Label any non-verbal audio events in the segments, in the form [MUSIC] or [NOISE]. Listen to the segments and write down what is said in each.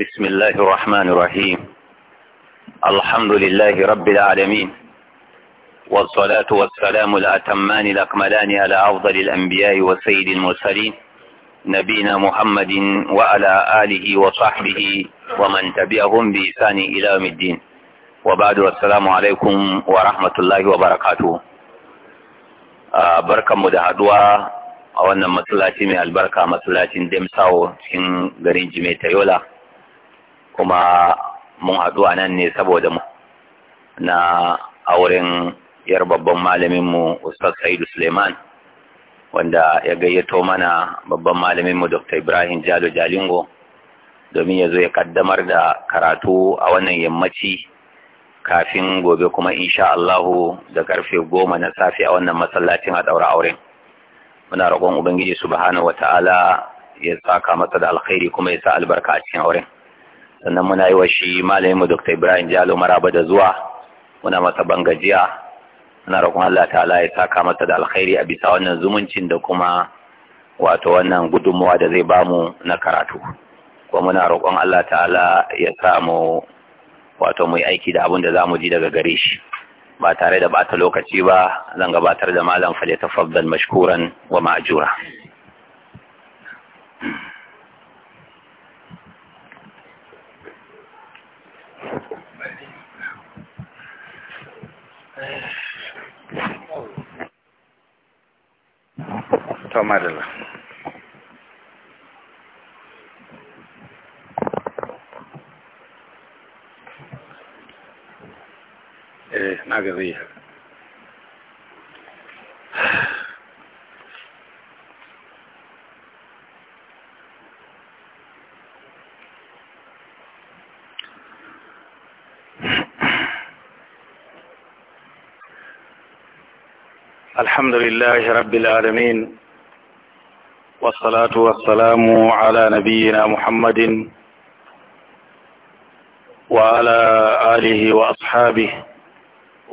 بسم الله الرحمن الرحيم الحمد لله رب العالمين والصلاة والسلام الأتمان الأكملان على أفضل الأنبياء وسيد المرسلين نبينا محمد وعلى آله وصحبه ومن تبعهم بإحسان إلى يوم الدين وبعد والسلام عليكم ورحمة الله وبركاته بركة مدهدوة a wannan masallaci mai albarka masallacin demsawo cikin garin jimaita yola kuma mun haɗu a nan ne saboda mu na auren yar babban malaminmu Ustaz Saidu Suleiman wanda ya gayyato mana babban malaminmu Dr. Ibrahim Jalo Jalingo domin ya zo ya kaddamar da karatu a wannan yammaci kafin gobe kuma insha Allahu da karfe goma na safe a wannan masallacin a daura auren. Muna roƙon Ubangiji Subhanahu wa ta'ala ya saka masa da alkhairi kuma ya sa albarka a cikin auren. sannan muna yi wa shi malamin mu Dr. Ibrahim Jalo maraba da zuwa muna masa bangajiya muna roƙon Allah ta'ala ya saka masa da alkhairi a bisa wannan zumuncin da kuma wato wannan gudunmawa da zai bamu na karatu kuma muna roƙon Allah ta'ala ya sa mu wato mu aiki da abin da za mu ji daga gare shi ba tare da bata lokaci ba zan gabatar da malam fale tafaddal mashkuran wa ma'jura to madalla eh na الحمد لله رب العالمين والصلاة والسلام على نبينا محمد وعلى آله وأصحابه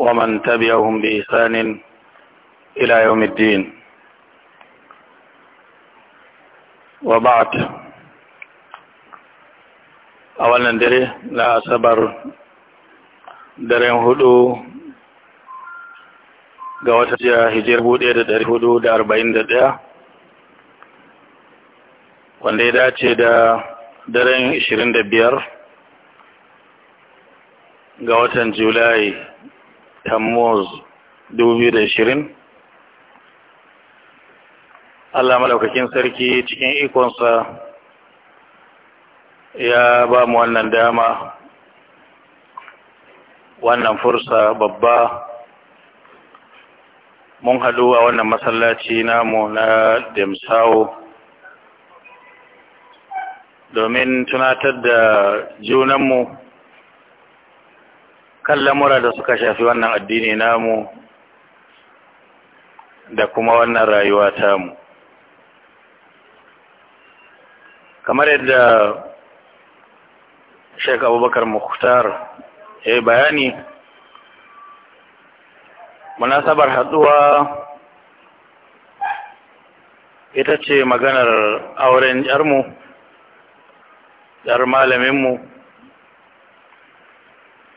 ومن تبعهم بإحسان إلى يوم الدين وبعد أولا دري لا أصبر درين هدو ga wata jiya hijiyar ɗaya. wanda ya dace da daren ishirin da biyar. ga watan julai tammuz ishirin. Allah maɗaukakin sarki cikin ikonsa ya ba mu wannan dama wannan fursa babba mun haɗu a wannan masallaci namu na demsawo domin tunatar da mu, kan lamura da suka shafi wannan addini namu da kuma wannan rayuwa mu. kamar yadda Sheikh Abubakar Mukhtar ya yi bayani munasabar haduwa ita ce maganar auren yarmu yar malaminmu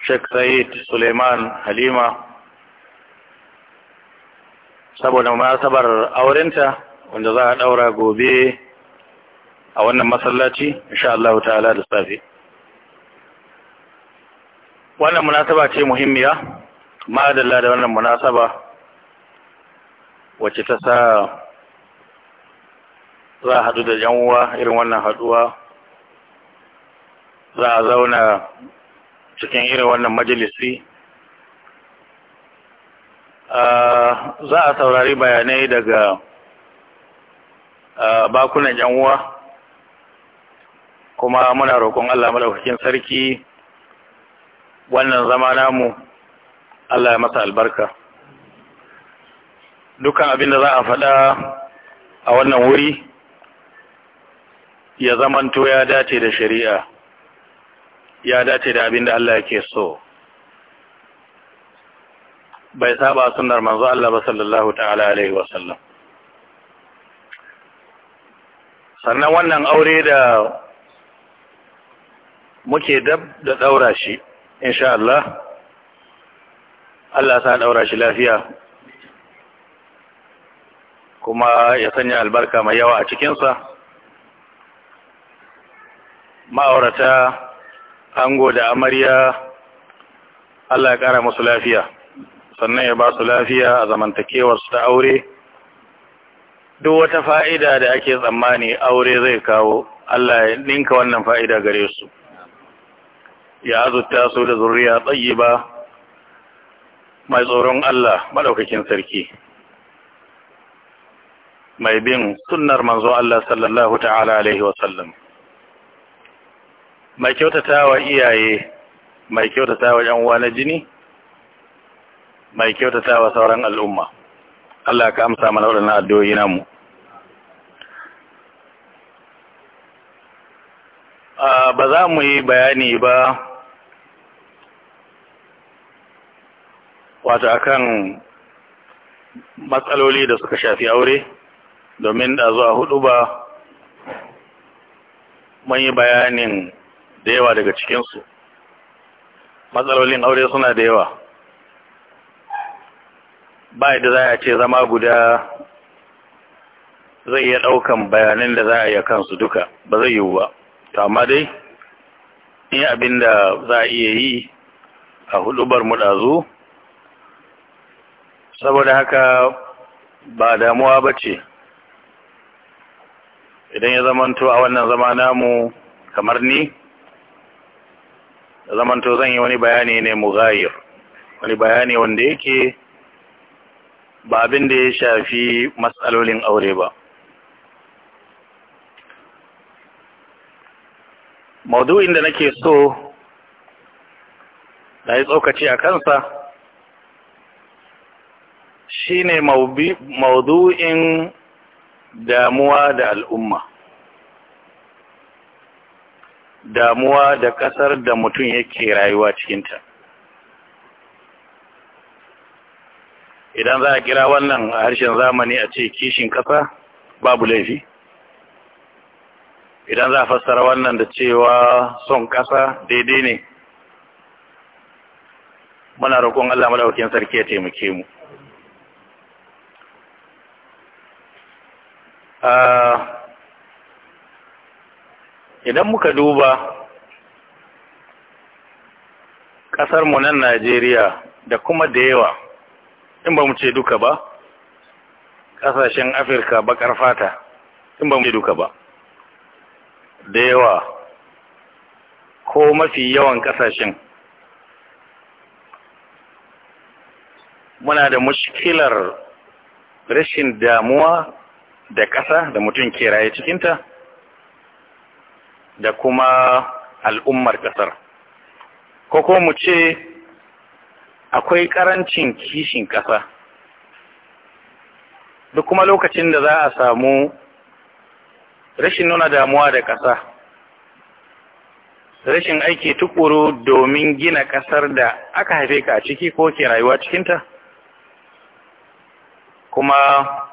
Sheikh Said Suleiman Halima saboda munasabar aurenta wanda za a daura gobe a wannan masallaci insha Allah ta'ala da safe wannan munasaba ce muhimmiya madalla da wannan munasaba wacce ta sa za a haɗu da yan uwa irin wannan haɗuwa za a zauna cikin irin wannan majalisi za a saurari bayanai daga bakunan yanuwa kuma muna roƙon Allah madaukakin sarki wannan zama namu Allah ya masa albarka dukan abin da za a faɗa a wannan wuri ya zamanto ya dace da shari'a ya dace da abin da Allah yake so bai saba sunnar manzo Allah sallallahu ta'ala alaihi wa sallam sannan wannan aure da muke dab da daura shi insha Allah Allah sa daura shi lafiya kuma ya sanya albarka mai yawa a cikinsa ma'aurata ango da amarya Allah ya ƙara musu lafiya sannan ya ba su lafiya a zamantakewarsu ta aure duk wata fa'ida da ake tsammani aure zai kawo Allah ya ninka wannan fa'ida gare su ya azurta su da zuriya tsayi ba mai tsoron Allah maɗaukakin sarki mai bin sunnar manzo Allah sallallahu ta'ala alaihi wasallam mai kyautata wa iyaye mai kyautata wa ‘yan uwa na jini mai kyautata wa sauran al'umma Allah ka amsa mana waɗannan addu'o'i namu ah, ba za mu yi bayani ba wato akan matsaloli da suka shafi aure domin da zuwa hudu ba mun yi bayanin da yawa daga cikinsu matsalolin aure suna da yawa ba yadda za a ce zama guda zai iya ɗaukan bayanin da za a yi kansu duka ba zai yiwu ba to amma dai in abin da za a iya yi a hudubar mu ɗazu saboda haka ba damuwa ba ce idan ya zamanto a wannan zama namu kamar ni ya zamanto zan yi wani bayani ne mughayir wani bayani wanda yake ba abin da ya shafi matsalolin aure ba maudu'in da nake so na yi tsokaci a kansa Shi shine maudu'in damuwa da al'umma damuwa da ƙasar da mutum yake rayuwa cikinta idan za a kira wannan a harshen zamani a ce kishin ƙasa babu laifi idan za a fassara wannan da cewa son ƙasa daidai ne muna roƙon Allah maɗaukin sarki ya taimake mu Ah, idan muka duba ƙasarmu nan Najeriya da kuma da yawa in ba mu ce duka ba ƙasashen Afirka baƙar fata in ba mu ce duka ba da yawa ko mafi yawan ƙasashen muna da mushkilar rashin damuwa da ƙasa da mutum ke raye cikinta da kuma al'ummar ƙasar ko ko mu ce akwai ƙarancin kishin ƙasa duk kuma lokacin da za a samu rashin nuna damuwa da ƙasa rashin aiki tukuru domin gina ƙasar da aka haife ka ciki ko ke rayuwa cikinta kuma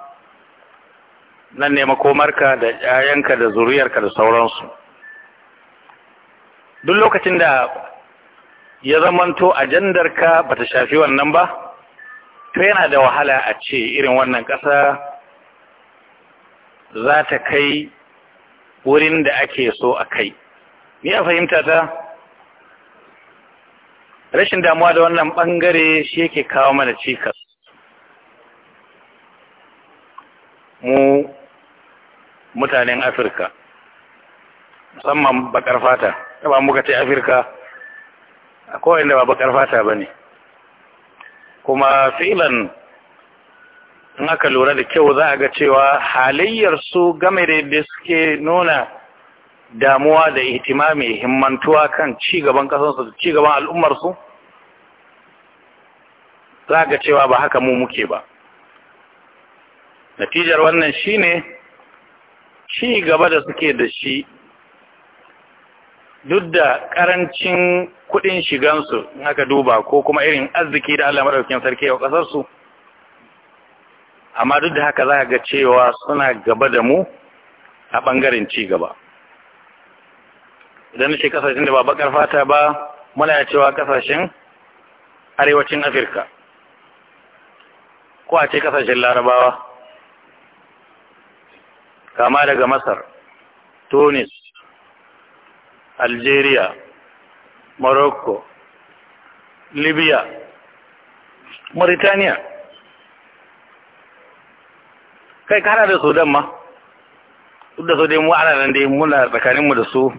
nan ne makomarka da 'ya'yanka da zuriyarka da sauransu duk lokacin da ya zamanto ajandarka bata shafi wannan ba to yana da wahala a ce irin wannan ƙasa za ta kai wurin da ake so a kai ni a fahimta ta rashin damuwa da wannan ɓangare shi yake kawo mana cikas mu mutanen afirka musamman bakar fata ba muka ce afirka akwai da ba bakar fata ba ne kuma filan in aka lura da kyau za a ga cewa halayyar su game da suke nuna damuwa da mai himmantuwa kan cigaban kasansu da cigaban al'ummarsu za a ga cewa ba haka mu muke ba natijar wannan shine ci gaba da suke da shi duk da ƙarancin kuɗin shigansu in aka duba ko kuma irin arziki da Allah maɗaukin sarki a ƙasarsu amma duk da haka za ga cewa suna gaba da mu a ɓangaren ci gaba idan na ce ƙasashen da ba baƙar fata ba muna cewa ƙasashen arewacin afirka ko a ce ƙasashen larabawa kama daga Masar, Tunis, Algeria, Morocco, Libya, Mauritania, kai kana da Sudan ma, da su dai mu ana nan dai muna tsakaninmu da su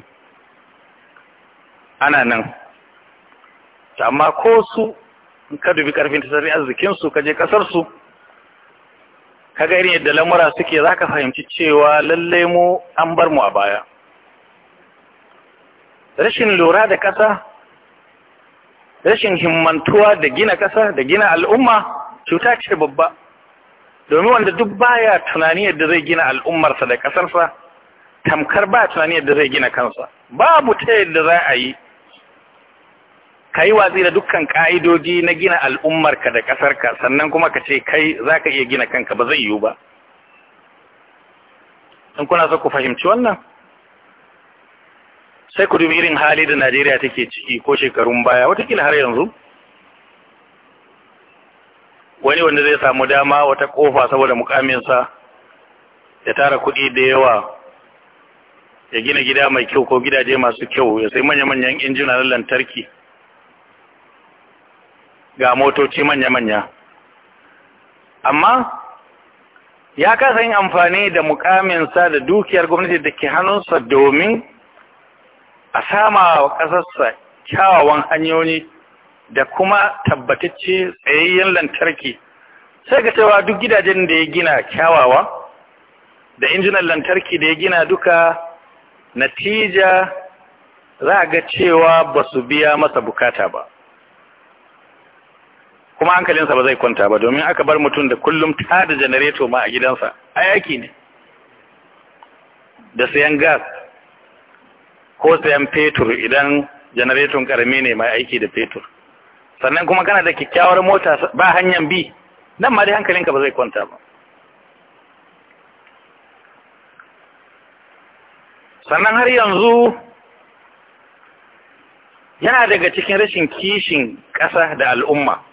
ana nan, amma ko su ka dubi ƙarfin tattalin arzikinsu ka je ƙasarsu kaga irin yadda lamura suke za ka fahimci cewa lallai mu an bar mu a baya rashin lura da ƙasa rashin himmantuwa da gina ƙasa da gina al'umma cuta ce babba domin wanda duk baya tunani yadda zai gina al'ummarsa da ƙasarsa tamkar ba tunani yadda zai gina kansa babu ta yadda za a yi ka yi watsi da dukkan ƙa'idodi na gina al'ummarka da ƙasarka sannan kuma ka ce kai za ka iya gina kanka ba zai yiwu ba in kuna so ku fahimci wannan sai ku dubi irin hali da najeriya take ciki ko shekarun baya watakila har yanzu wani wanda zai samu dama wata kofa saboda mukaminsa ya tara kuɗi da yawa ya gina gida mai kyau ko gidaje masu kyau ya sai manya-manyan injina na lantarki ga motoci manya-manya amma ya kasa yin amfani da mukaminsa da dukiyar gwamnati da ke hannunsa domin a sama wa ƙasarsa kyawawan hanyoyi da kuma tabbatacce tsayayyen lantarki sai ga cewa duk gidajen da ya gina kyawawa da injinan lantarki da ya gina duka natija za a ga cewa ba su biya masa bukata ba kuma hankalinsa ba zai kwanta ba domin aka bar mutum da kullum ta da janareto ma a gidansa a yaki ne da sayan gas ko sayan fetur idan janareton karami ne mai aiki da fetur sannan kuma kana da kyakkyawar mota ba hanyar bi nan ma dai hankalinka ba zai kwanta ba sannan har yanzu yana daga cikin rashin kishin ƙasa da al'umma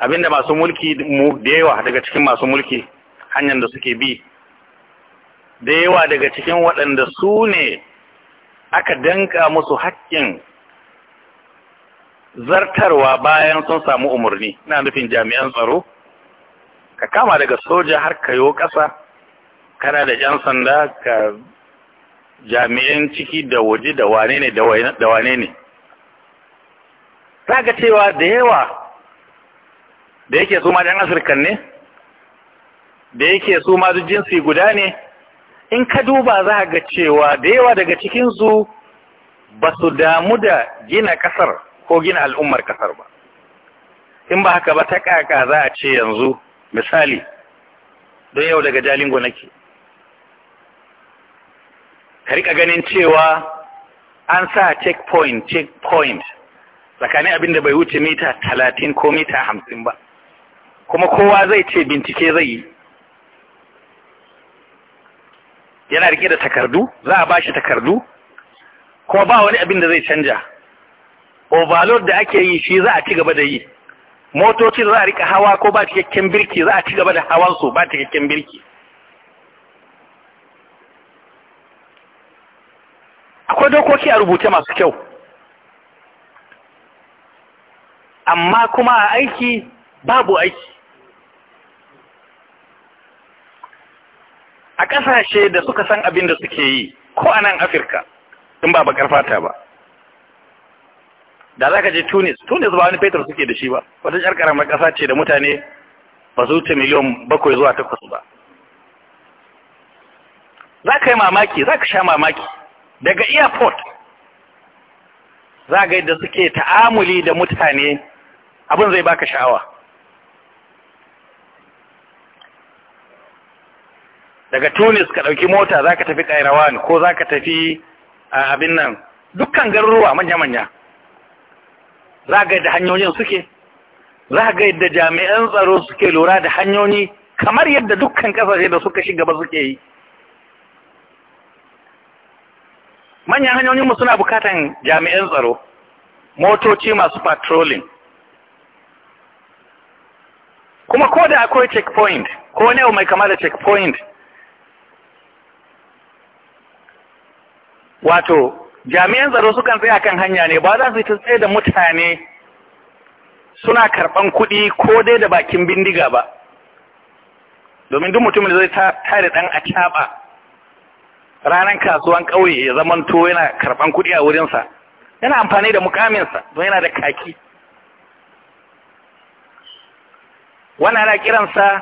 abinda masu mulki mu da yawa daga cikin masu mulki hanyar da suke bi da yawa daga cikin waɗanda su ne aka danka musu haƙƙin zartarwa bayan sun samu umarni na nufin jami'an tsaro ka kama daga soja har ka yo ƙasa kana da 'yan sanda ka jami'an ciki da waje da wane ne da wane ne ta ga cewa da yawa da yake su ma ɗan asirkan ne da yake su ma duk jinsi guda ne in ka duba za ga cewa da yawa daga cikinsu ba su damu da gina ƙasar ko gina al'ummar ƙasar ba in ba haka ba ta ƙaƙa za a ce yanzu misali don yau daga jalingo nake ka rika ganin cewa an sa checkpoint checkpoint tsakanin abin da bai wuce mita talatin ko mita hamsin ba kuma kowa zai ce bincike zai yi yana rike da takardu za a ba takardu kuma ba wani abin da zai canja overload da ake yi shi za a ci gaba da yi motoci za a rika hawa ko ba cikakken birki za a ci gaba da su ba cikakken birki akwai dokoki a rubuce masu kyau amma kuma a aiki babu aiki a ƙasashe da suka san abin da suke yi ko a nan afirka in ba bakar fata ba da za ka je tunis tunis ba wani fetur suke da shi ba wata jar karamar ƙasa ce da mutane ba su wuce miliyan bakwai zuwa takwas ba za ka yi mamaki za ka sha mamaki daga airport za ga da suke ta'amuli da mutane abin zai baka sha'awa daga tunis ka ɗauki mota za ka tafi kairawan ko za ka tafi abin nan dukkan garuruwa manya-manya za ga yadda hanyoyin suke za ga yadda jami'an tsaro suke lura da hanyoyi kamar yadda dukkan ƙasashe da suka shiga ba suke yi manyan hanyoyinmu suna bukatan jami'an tsaro motoci masu patrolling kuma ko da akwai checkpoint ko ne mai kama da checkpoint wato jami'an tsaro sukan tsaya kan hanya ne ba za su yi tsaye da mutane suna karɓan kuɗi ko dai da bakin bindiga ba domin duk mutumin da zai tare ɗan a caɓa ranar kasuwan ƙauye ya to yana karɓan kuɗi a wurinsa yana amfani da mukaminsa don yana da kaki wannan ana kiransa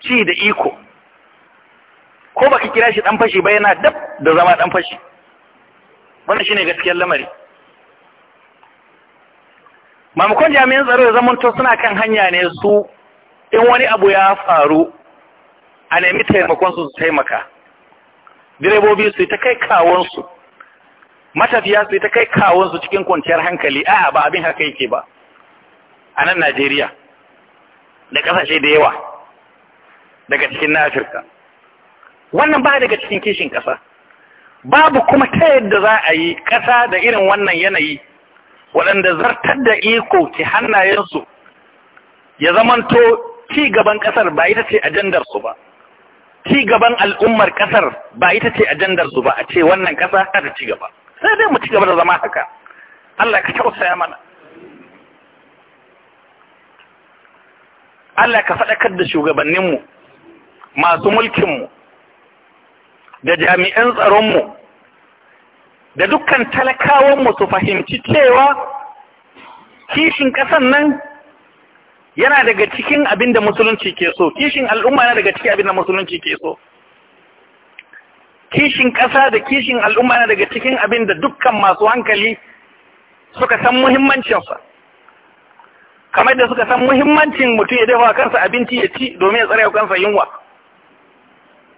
ci da iko ko baka kira shi ɗan fashi ba yana dab da zama ɗan fashi wannan shine gaskiyar lamari mamakon jami'an tsaro da zamanto suna kan hanya ne su in wani abu ya faru a nemi taimakon su taimaka direbobi su ta kai kawonsu matafiya su ta kai kawonsu cikin kwanciyar hankali a ba abin haka yake ba a nan najeriya da ƙasashe da yawa daga cikin na afirka wannan ba daga cikin kishin ƙasa babu kuma ta yadda za a yi ƙasa da irin wannan yanayi waɗanda zartar da iko ke hannayensu ya zamanto ci gaban ƙasar ba ita ce ajandarsu ba ci gaban al'ummar ƙasar ba ita ce ajandarsu ba a ce wannan ƙasa ta ci gaba sai dai mu ci gaba da zama haka Allah ka tausaya mana Allah ka faɗakar da shugabanninmu masu mulkinmu da jami'an tsaronmu da dukkan talakawanmu su fahimci cewa kishin ƙasan nan yana daga cikin abin da musulunci ke so kishin al'umma yana daga cikin abin da musulunci ke so kishin ƙasa da kishin al'umma yana daga cikin abin da dukkan masu hankali suka san muhimmancinsa kamar da suka san muhimmancin mutum ya dafa kansa abinci ya ci domin ya tsare kansa yunwa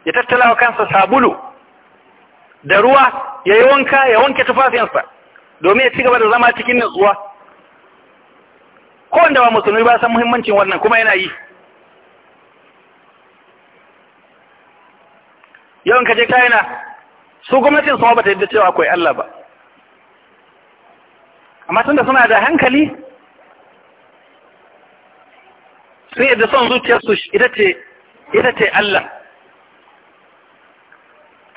ya tattala kansa sabulu da ruwa ya yi wanka ya wanke tufafiyansa, domin ya ci gaba da zama cikin nutsuwa ko wanda ba musulmi ba san muhimmancin wannan kuma yana yi yawan kaje china su gwamnatin sama ba ta yadda cewa akwai Allah ba amma tunda suna da hankali sun yadda son zuciyarsu ita ce Allah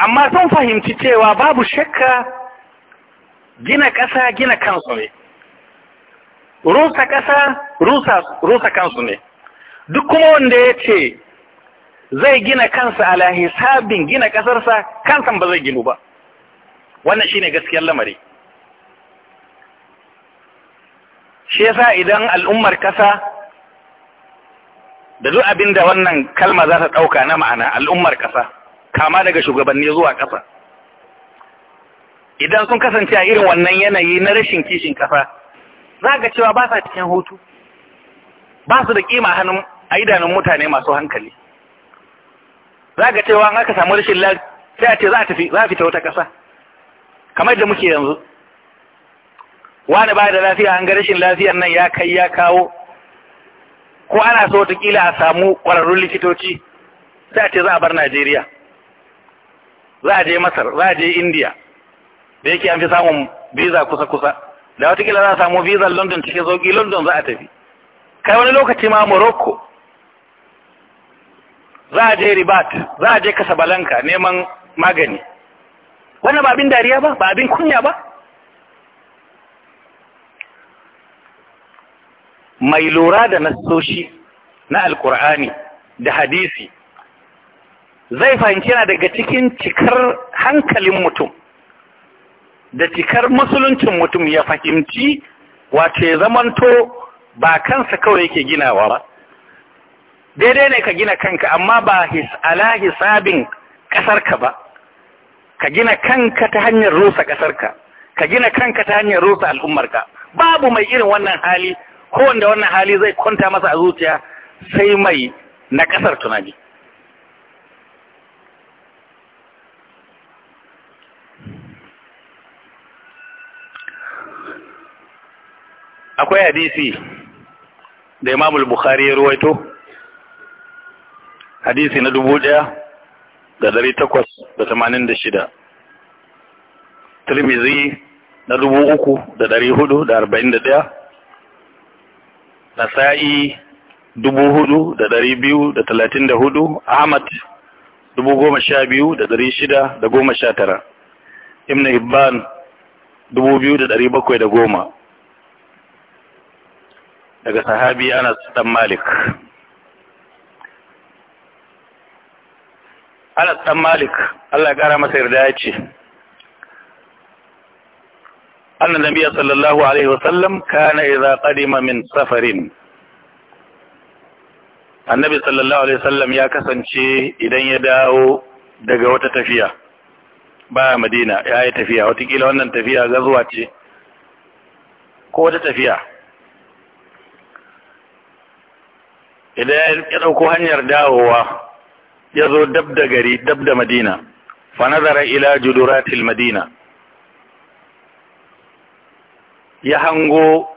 amma sun fahimci cewa babu shakka gina ƙasa gina kansu ne rusa ƙasa rusa kansu ne duk kuma wanda ya ce zai gina kansa ala hisabin gina ƙasarsa kansan ba zai ginu ba wannan shi ne gaskiyar lamari shi yasa idan al'ummar ƙasa da duk abin da wannan kalma za ta ɗauka na ma'ana al'ummar ƙasa kama daga shugabanni zuwa ƙasa idan sun kasance a irin wannan yanayi na rashin kishin ƙasa za ga cewa ba sa cikin hutu ba su da ƙima hannun a idanun mutane masu hankali za ga cewa an aka samu rashin lafiya ce za a tafi za a fita wata ƙasa kamar da muke yanzu wani ba da lafiya an ga rashin lafiyar nan ya kai ya kawo ko ana so watakila a samu ƙwararrun likitoci sai a ce za a bar Najeriya za a je masar za a je indiya da yake an fi samun visa kusa-kusa da watakila za a samu visa london cikin sauki london za a tafi kai wani lokaci ma morocco za a je ribat za a je kasabalanka neman magani wannan ba abin dariya ba ba abin kunya ba mai lura da nasoshi na alkur'ani da hadisi zai fahimci yana daga cikin cikar hankalin mutum da cikar musuluncin mutum ya fahimci wace zamanto ba kansa kawai yake ginawa ba daidai ne ka gina kanka amma ba his ala hisabin ƙasarka ba ka gina kanka ta hanyar rusa ƙasarka ka gina kanka ta hanyar rusa al'ummarka babu mai irin wannan hali ko wanda wannan hali zai kwanta masa a zuciya sai mai na ƙasar tunani akwai hadisi da imamul bukhari ya ruwaito hadisi na dubu ɗaya da dari takwas da tamanin da shida tirmizi na dubu uku da dari hudu da arba'in da ɗaya sa'i dubu hudu da dari biyu da talatin da hudu ahmad dubu goma sha biyu da dari shida da goma sha tara ibn hibban dubu biyu da dari bakwai da goma daga sahabi Anas dan Malik Anas dan Malik Allah ya kara masa yarda ya ce anna nabiyya sallallahu alaihi wasallam kana idza qadima min safarin annabi sallallahu alaihi wasallam ya kasance idan ya dawo daga wata tafiya ba madina ya yi tafiya watakila wannan tafiya gazuwa ce ko wata tafiya idan ya ɗauko hanyar dawowa ya zo dab da gari dab da madina fa nazara ila juduratil madina ya hango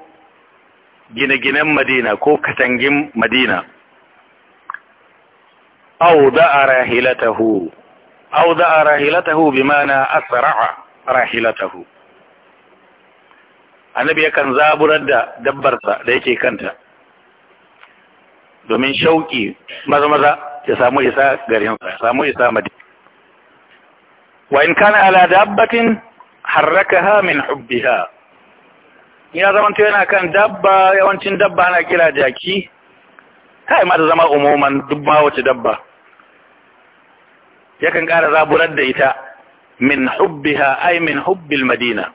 gine-ginen madina ko katangin madina au da'a rahilatahu au da'a rahilatahu bi mana asra'a rahilatahu annabi yakan zaburar da dabbarsa da yake kanta domin shauƙi maza maza ya samu isa garinsa ya samu isa madi. wa in kana ala dabbatin harrakaha min hubbiha ya zamanto yana kan dabba yawancin dabba ana kira jaki kai ma da zama umuman duk ma wace dabba yakan ƙara zaburar da ita min hubbiha ai min hubbil madina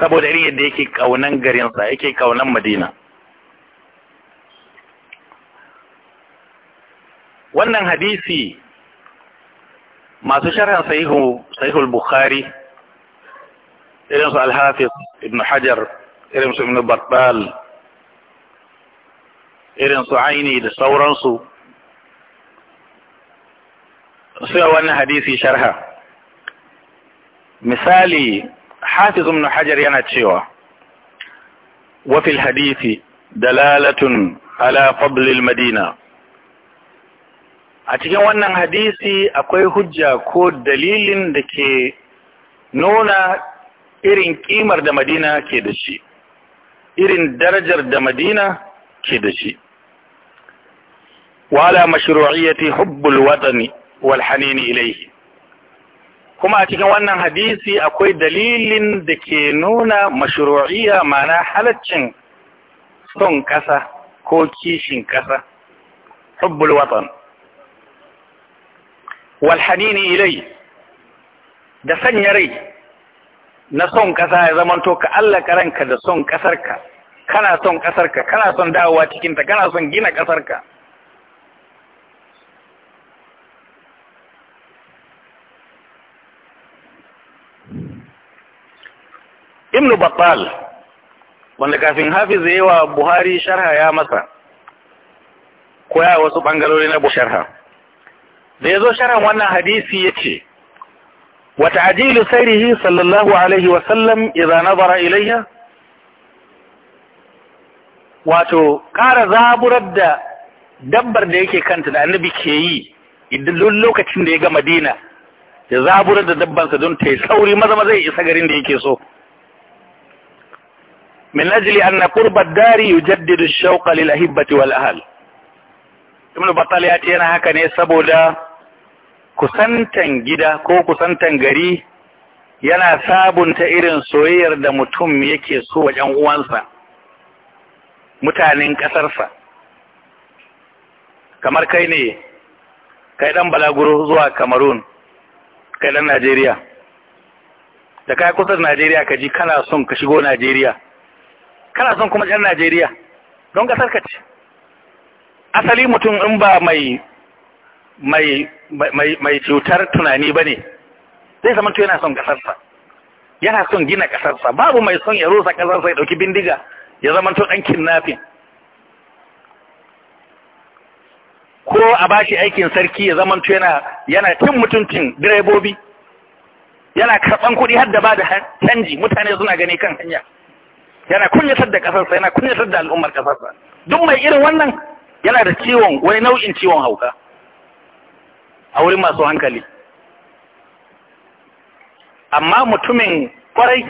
saboda irin yadda yake kaunan garinsa yake kaunan madina wannan hadisi masu sharhan sahihu sahihul bukhari irin su al-hafiz ibn hajar irin su ibn battal irin su aini da sauransu sai wannan hadisi sharha misali hafiz ibn hajar yana cewa wa fil hadisi dalalatun ala fadl al-madina a cikin wannan hadisi akwai hujja ko dalilin da ke nuna irin kimar da madina ke da shi irin darajar da madina ke da shi wala mashru'iyyati hubbul watani wal hanin ilayhi kuma a cikin wannan hadisi akwai dalilin da ke nuna mashru'iyya ma'ana halaccin son ƙasa ko kishin ƙasa hubbul watan walhanini ilai da sanya rai na son ƙasa ya zamanto ka allaka ranka da son ƙasarka kana son ƙasarka kana son dawowa cikinta kana son gina ƙasarka ibnu battal wanda kafin hafiz yayi wa buhari sharha ya masa koya wasu bangarori na sharha da ya zo sharan wannan hadisi ya ce wata ta'jilu sairihi sallallahu alaihi wa sallam nazara ilayya wato ƙara zaburar da dabbar da yake kanta da annabi ke yi idan lokacin da ya ga Madina ya zaburar da dabbansa don ta yi sauri maza maza ya isa garin da yake so min an na qurba dari yi jaddidu shauƙa lil ahibbati wal ahl ibn batal ya ce yana haka ne saboda kusantan gida ko kusantan gari yana sabunta irin soyayyar da mutum yake so wa ‘yan uwansa, mutanen ƙasarsa, kamar kai ne, kai ɗan balaguro zuwa Cameroon, kai ɗan Najeriya, da kai kusa da Najeriya ka ji kana son ka shigo Najeriya, kana son kuma ɗan Najeriya, don ƙasar ka ce. Asali mutum in ba mai mai cutar tunani ba ne zai zama yana son kasarsa yana son gina kasarsa babu mai son ya rusa kasarsa ya ɗauki bindiga ya zama to kin nafi. ko a bashi aikin sarki ya zama yana cin mutuncin direbobi yana karɓan kuɗi har da ba da canji mutane suna gani kan hanya yana kunyatar da kasarsa yana kunyatar da al'ummar kasarsa duk mai irin wannan yana da ciwon wani nau'in ciwon hauka a wurin masu hankali amma mutumin kwarai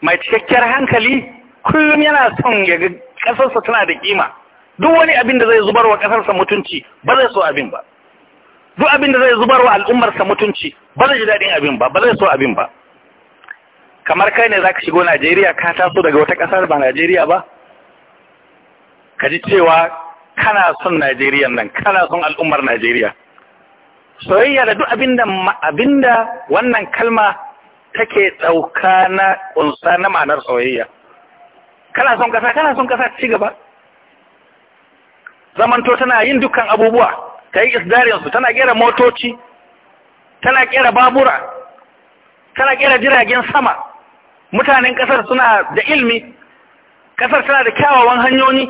mai cikakkiyar hankali kullum yana son ya ga ƙasarsa tana da kima duk wani abin da zai zubar wa ƙasarsa mutunci ba zai so abin ba duk abin da zai zubar wa al'ummarsa mutunci ba zai ji daɗin abin ba ba zai so abin ba kamar kai ne za ka shigo Najeriya ka taso daga wata ƙasar ba Najeriya ba ka ji cewa kana son Najeriya nan kana son al'ummar Najeriya soyayya da duk abinda abinda wannan kalma take ɗauka na ƙunsa na ma'anar soyayya kana son kasa kana son kasa ci gaba zamanto tana yin dukkan abubuwa ta yi isdarinsu tana kera motoci tana kera babura tana kera jiragen sama mutanen kasar suna da ilmi kasar tana da kyawawan hanyoyi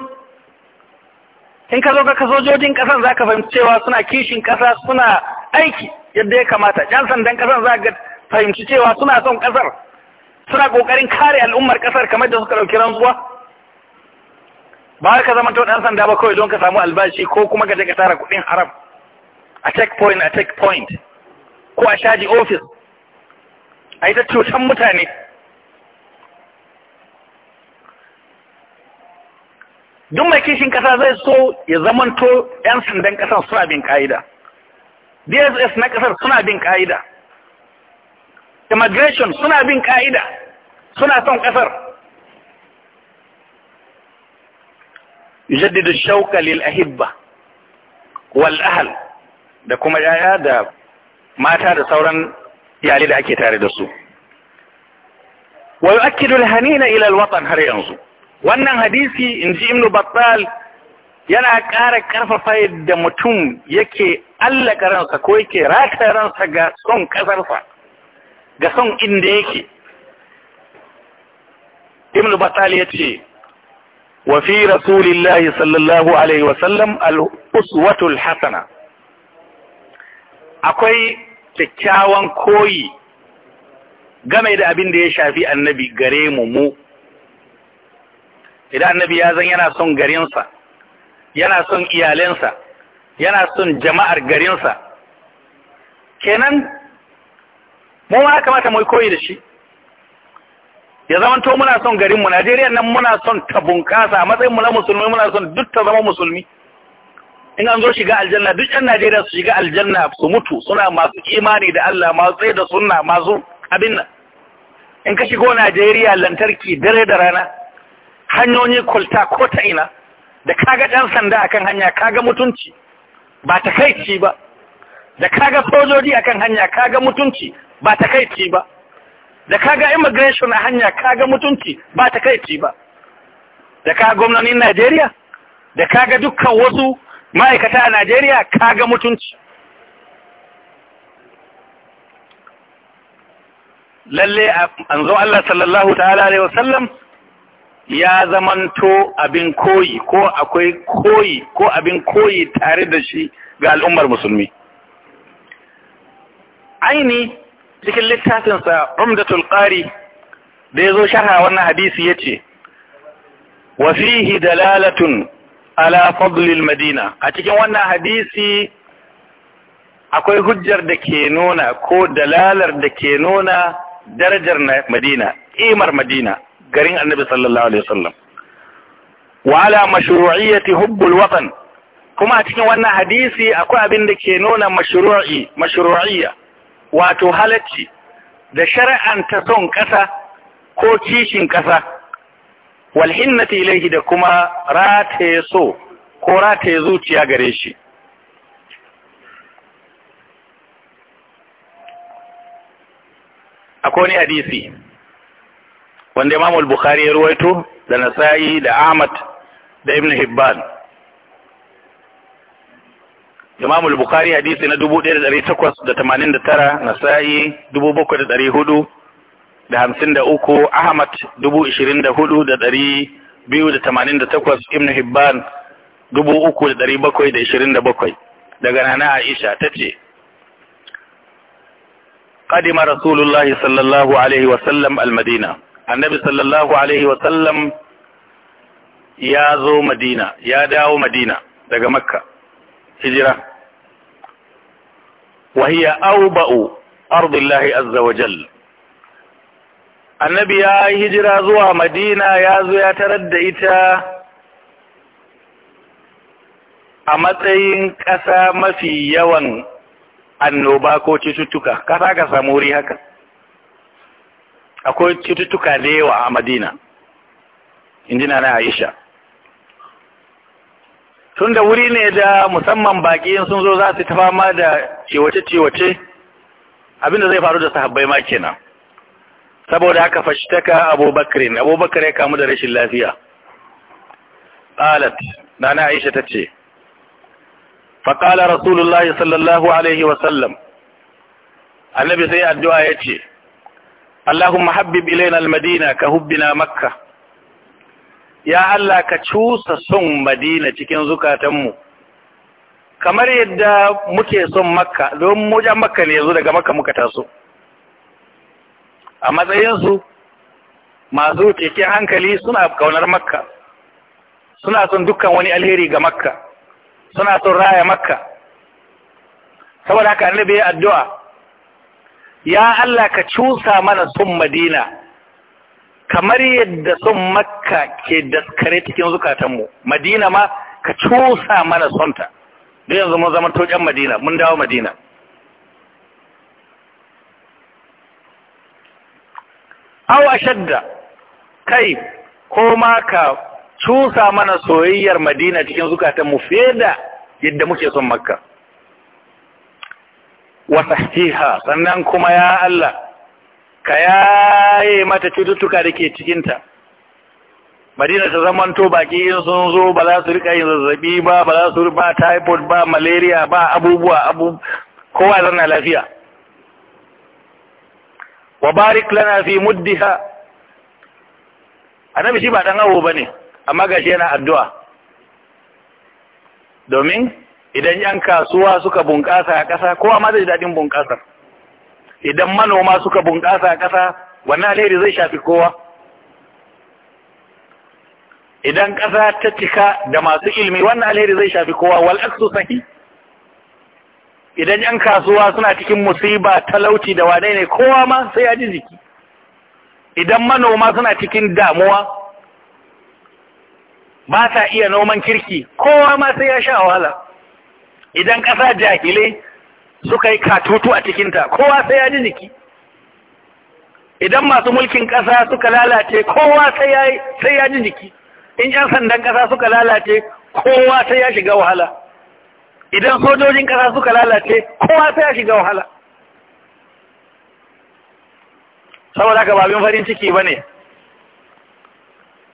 in ka zo ka kasojojin kasar za ka fahimci cewa suna kishin kasa suna aiki yadda ya kamata yan sandan kasar za a fahimci cewa suna son kasar suna kokarin kare al'ummar kasar kamar da suka dauki rantsuwa ba ka zama to dan sanda ba kawai don ka samu albashi ko kuma ka je ka tara kuɗin haram a checkpoint a checkpoint ko a shaji office a yi ta cutan mutane duk mai kishin ƙasa, zai so ya zamanto 'yan sandan kasan suna bin ka'ida dss na ƙasar suna bin ƙa'ida, immigration suna bin ƙa'ida, suna son ƙasar يجدد الشوق للأهبة والأهل da kuma yaya da mata da sauran iyali da ake tare da su wa yu'akkidu al-hanina ila watan har yanzu wannan hadisi inji ibnu battal yana ƙara ƙarfafa yadda mutum yake allaka ransa ko yake raka ransa ga son ƙasarsa ga son inda yake ibn batal ya ce wa fi rasulillahi sallallahu alaihi wasallam al'uswatul hasana akwai kyakkyawan koyi game da abin da ya shafi annabi gare mu mu idan annabi ya zan yana son garinsa yana son iyalensa yana son jama'ar garinsa kenan mu ma kamata mu koyi da shi ya zamanto muna son garinmu Najeriya nan muna son ta bunƙasa a matsayinmu na musulmi muna son duk ta zama musulmi in an zo shiga aljanna duk ɗan Najeriya su shiga aljanna su mutu suna masu imani da Allah masu tsaye da sunna masu abin nan in ka shigo Najeriya lantarki dare da rana hanyoyi kulta ko ta ina da kaga ɗan sanda akan hanya kaga mutunci ba ta takaici ba da kaga sojoji akan hanya kaga mutunci ba ta takaici ba da kaga immigration a hanya kaga mutunci ba ta takaici ba da kaga gwamnonin Najeriya da kaga dukkan wasu ma'aikata a Najeriya kaga mutunci lalle an zo Allah sallallahu ta'ala alaihi wasallam ya zamanto abin koyi ko akwai koyi ko abin koyi tare da shi ga al'ummar musulmi aini cikin littafinsa umdatul qari da ya zo sharha wannan hadisi ya wa fihi dalalatun ala fadlil madina a cikin wannan hadisi akwai hujjar da ke nuna ko dalalar da ke nuna darajar madina imar madina garin annabi sallallahu alaihi wasallam wa ala mashru'iyyati hubbul watan kuma a cikin wannan hadisi akwai abin da ke nuna mashru'i mashru'iyya wato halacci da ta son ƙasa ko kishin ƙasa walhinnati ilayhi da kuma rataye so ko rataye zuciya gare shi akwai ne hadisi wanda Imam al-Bukhari ya ruwaito da Nasa'i da Ahmad da Ibn Hibban Imam al-Bukhari hadisi na 1889 Nasa'i 7400 da hamsin da uku Ahmad dubu da hudu Ibn Hibban 3727 daga nana Aisha tace ce قدم رسول الله صلى الله عليه وسلم المدينة annabi sallallahu alaihi wasallam ya zo madina ya dawo madina daga makka hijira wahiya auba'u ardillahi azza wa jal annabi ya hijira zuwa madina ya zo ya tarar da ita a matsayin ƙasa mafi yawan annoba ko cututtuka ƙasa ka samu wuri haka akwai cututtuka da yawa a madina injina na aisha tun da wuri ne da musamman baƙi sun zo za su ta fama da ciwace-ciwace abinda zai faru da sahabbai ma kenan saboda haka fashtaka abubakar abubakar ya kamu da rashin lafiya Alat, na nana aisha ta ce. qala rasulullahi sallallahu alaihi wa sallam annabi sai addu'a ya ce. اللهم حبب إلينا المدينة كهبنا مكة يا الله كتشوس سن مدينة cikin zukatanmu kamar yadda muke son makka don mujan makka ne yanzu daga makka muka taso a matsayinsu masu keken hankali suna kaunar makka suna son dukkan wani alheri ga makka suna son raya makka saboda haka annabi ya addu'a ya Allah ka cusa mana sun madina kamar yadda sun makka ke daskare cikin zukatanmu madina ma ka cusa mana sonta da yanzu mun zama tokyan madina mun dawo madina aw ashadda kai ko ma ka cusa mana soyayyar madina cikin zukatanmu fiye da yadda muke son makka wa sannan kuma ya Allah ka yaye mata cututtuka da ke cikinta madina ta zamanto baki in sun zo ba za su rika yin zazzabi ba ba za su ba typhoid ba malaria ba abubuwa abu kowa zana lafiya wa barik lana fi muddiha annabi shi ba dan awo bane amma gashi yana addu'a domin idan yan kasuwa suka bunƙasa a ƙasa kowa ma zai daɗin bunƙasar idan manoma suka bunƙasa a ƙasa wannan alheri zai shafi kowa idan ƙasa ta cika da masu ilimi wannan alheri zai shafi kowa wal aksu sahi idan yan kasuwa suna cikin musiba talauci da wane ne kowa ma sai ya ji jiki idan manoma suna cikin damuwa ba sa iya noman kirki kowa ma sai ya sha wahala idan ƙasa jahilai suka yi katutu a cikinta kowa sai ya ji jiki idan masu mulkin ƙasa suka lalace kowa sai ya ji jiki in ƴan sandan ƙasa suka lalace kowa sai ya shiga wahala idan sojojin ƙasa suka lalace kowa sai ya shiga wahala saboda ka babin farin ciki ba ne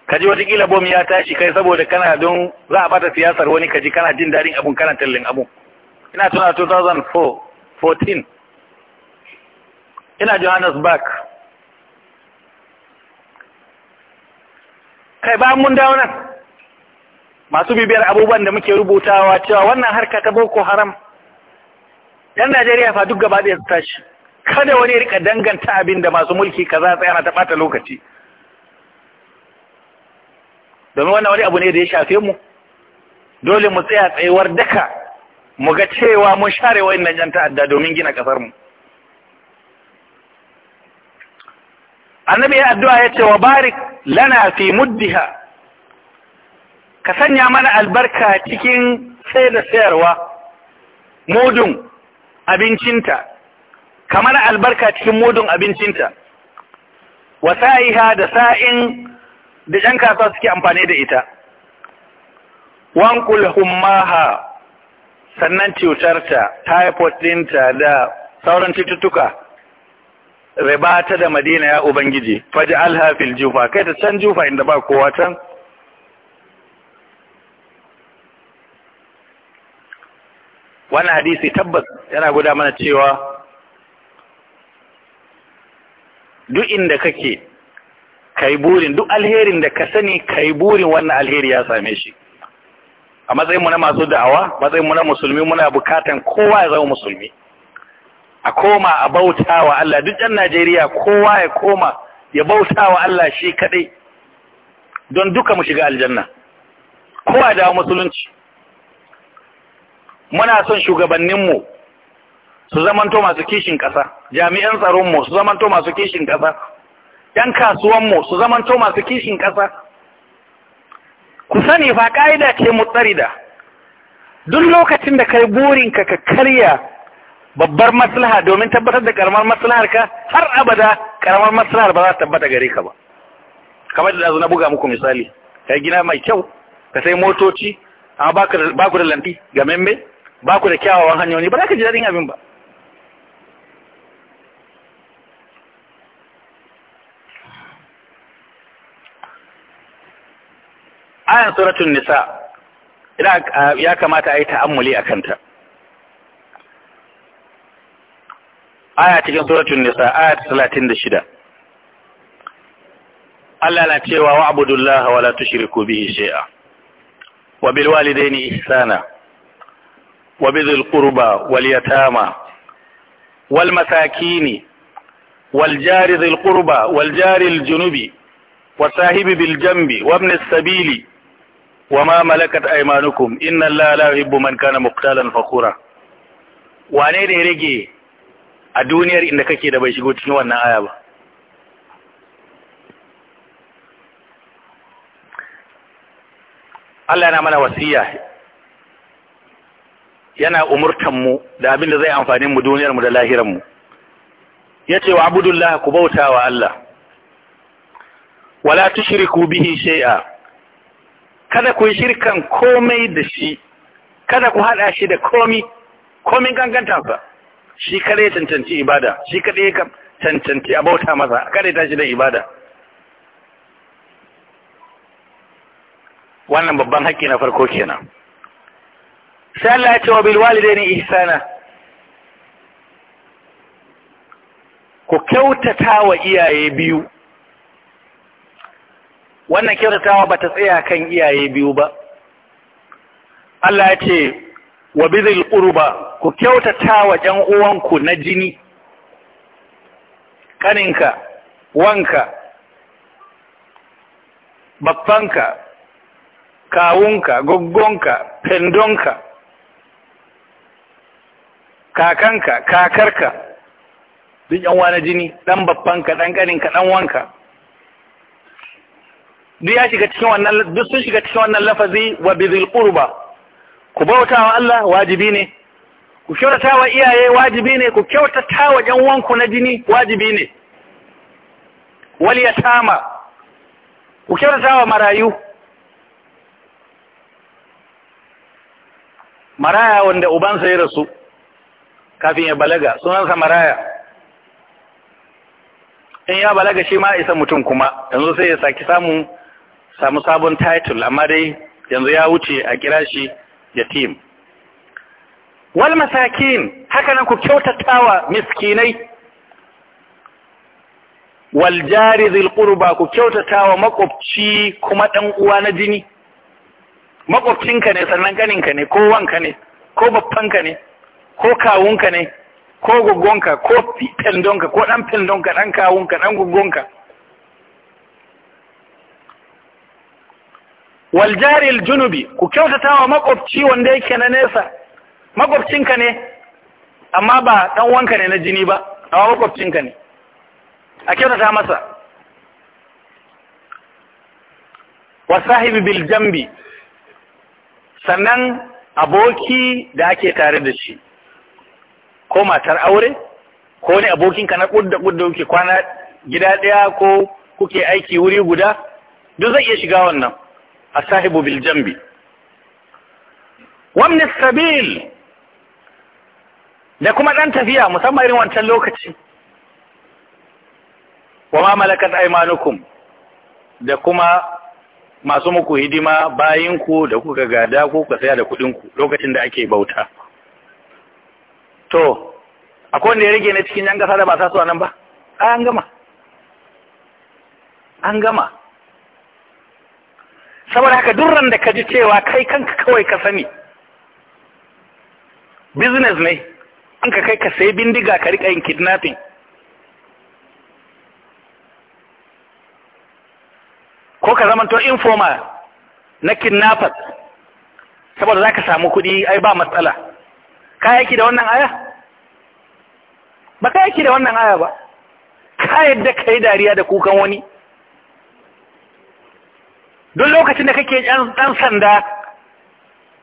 ka ji kila bom ya tashi kai saboda kana don za a bata siyasar wani ka ji kana jin daɗin abun kana tallin abun ina tuna 2014 ina johannesburg kai ba mun dawo nan masu bibiyar abubuwan da muke rubutawa cewa wannan harka ta boko haram yan najeriya fa duk gaba da su tashi kada wani rika danganta abin da masu mulki kaza tsaya na ta ɓata lokaci domin wannan wani abu ne da ya shafe mu dole mu tsaya tsayuwar daka mu ga cewa mun share waannan yan ta'adda domin gina kasar mu annabi ya addu'a ya ce wa barik lana fi muddiha ka sanya mana albarka cikin sai da sayarwa mudun abincinta kamar albarka cikin mudun abincinta wa sa'iha da sa'in da ‘yan kasuwa suke amfani da ita. Wankul hummaha sannan cutarta, typhoid ɗinta da sauran cututtuka, riba ta da madina ya Ubangiji, faji alhafil jufa, kai ta can jufa inda ba kowa can. Wani hadisi tabbas yana guda mana cewa duk inda kake kai burin duk alherin da ka sani kai burin wannan alheri ya same shi a matsayin mu na masu da'awa matsayin mu na musulmi muna bukatan kowa ya zama musulmi a koma a bautawa Allah duk ɗan Najeriya kowa ya koma ya bautawa Allah shi kadai don duka mu shiga aljanna kowa da musulunci muna son shugabanninmu su zamanto masu kishin ƙasa jami'an tsaronmu su zamanto masu kishin kasa ‘yan kasuwanmu su zamanto masu kishin ƙasa. Ku sani fa ƙa'ida ce mu da, duk lokacin da kai burinka ka karya babbar maslaha domin tabbatar da ƙaramar maslahar ka har abada ƙaramar maslahar ba za ta tabbata gare ka ba. Kamar da na buga muku misali, ka gina mai kyau, ka sai motoci, amma ba ku da lantarki ga membe, ba ku da kyawawan hanyoyi, ba za ka ji daɗin abin ba. ayan suratun nisa ya kamata a yi ta'ammuli a kanta aya cikin suratun nisa aya talatin da shida Allah na cewa wa abudullah wa la tushriku bihi shay'a wa bil walidayni ihsana wa bidhil qurba wal yatama wal masakini wal jari dhil qurba wal jari al junubi wa sahibi bil jambi wa ibn as-sabili wa ma malakat aymanukum inna allaha la yuhibbu man kana muqtalan fakhura wane ne rage a duniyar inda kake da bai shigo cikin wannan aya ba Allah yana mana wasiya yana umurtan mu da abin da zai amfani mu duniyar mu da lahiran mu yace wa abudullah ku bauta wa Allah wala tushriku bihi shay'a kada ku yi shirkan komai da shi kada ku haɗa shi da komi komin gangantansa shi kare cancanci ibada shi kada cancanci a bauta masa kada ya tashi da ibada wannan babban haƙƙi na farko kenan sai Allah ya ce wa bilwalidaini ihsana ku kyautata wa iyaye biyu wannan kyautatawa ba ta tsaya kan iyaye biyu ba Allah ya ce wa bizil qurba ku kyautata wa uwanku na jini kaninka wanka babbanka kawunka goggonka pendonka kakanka kakarka duk yan wani jini dan babbanka dan kaninka dan wanka duk ya shiga cikin wannan duk sun shiga cikin wannan lafazi wa bizil qurba ku bautawa Allah wajibi ne ku kyautatawa iyaye wajibi ne ku kyautatawa wa uwanku na jini wajibi ne wal yatama ku kyautatawa marayu maraya wanda ubansa ya rasu kafin ya balaga sunansa maraya in ya balaga shi ma isa mutum kuma yanzu sai ya saki samun samu sabon title amma dai yanzu ya wuce a kira shi yatim wal masakin haka nan ku kyautatawa miskinai wal jari zil qurba ku kyautatawa makwabci kuma dan uwa na jini makwabcinka ne sannan ganinka ne ko wanka ne ko babbanka ne ko kawunka ne ko gugunka ko tandonka ko dan pendonka dan kawunka dan gugunka Waljaril junubi ku kyautata wa makwabci wanda yake na nesa makwabcinka ne amma ba dan wanka ne na jini ba amma makwabcinka ne a kyautata masa wa sahibi bil jambi sannan aboki da ake tare da shi ko matar aure ko wani abokinka na kudda kudda kuke kwana gida ɗaya ko kuke aiki wuri guda duk zai iya shiga wannan الساهب بالجنب ومن السبيل da kuma ɗan tafiya musamman irin wancan lokaci wa ma malakat aimanukum da kuma masu muku hidima bayinku da kuka gada ko kuka saya da kuɗinku lokacin da ake bauta to akwai wanda ya rage na cikin yan gasa da ba sa nan ba an gama an gama saboda haka durran da ka ji cewa kai kanka kawai ka sani business ne an ka kai ka sai bindiga ka riƙa yin kidnapping ko ka zamanto informal na kidnappers saboda za ka samu kuɗi ai ba matsala ka yaki da wannan aya? ba ka yaki da wannan aya ba ka yadda ka yi dariya da kukan wani don lokacin da kake ɗan sanda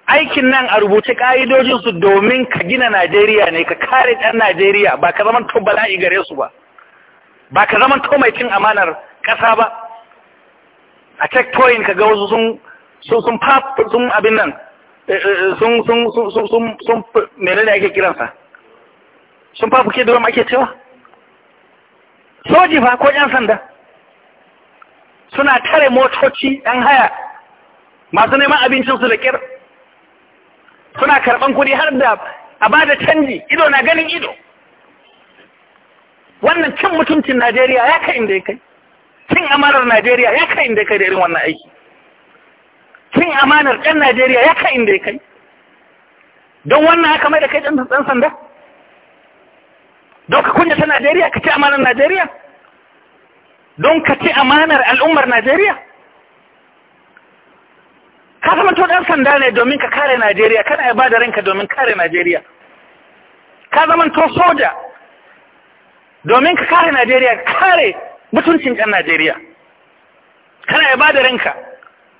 aikin nan a rubuce ƙa'idojinsu domin ka gina Najeriya ne ka kare ɗan Najeriya ba ka zama to bala'i gare su ba ba ka zama to mai cin amanar ƙasa ba a checkpoint ka ga wasu sun sun sun abin nan eh, eh, eh, sun sun sun sun sun ake kiransa sun fafuke da ake cewa soji fa ko 'yan sanda suna tare motoci ɗan haya masu neman abincinsu da ƙir suna karɓan kuɗi har da a ba da canji ido na ganin ido wannan cin mutuncin najeriya ya kai inda ya kai cin amanar najeriya ya kai inda ya kai da irin wannan aiki cin amanar ɗan najeriya ya kai inda ya kai don wannan haka mai da kai ɗan sanda don ka kunyata najeriya ka ci amanar najeriya don ka ci amanar al'ummar Najeriya? Ka zama to ɗan sanda ne domin ka kare Najeriya, kana ya ba da ranka domin kare Najeriya. Ka zama to soja domin ka kare Najeriya, kare mutuncin ɗan Najeriya. Kana ya ba da ranka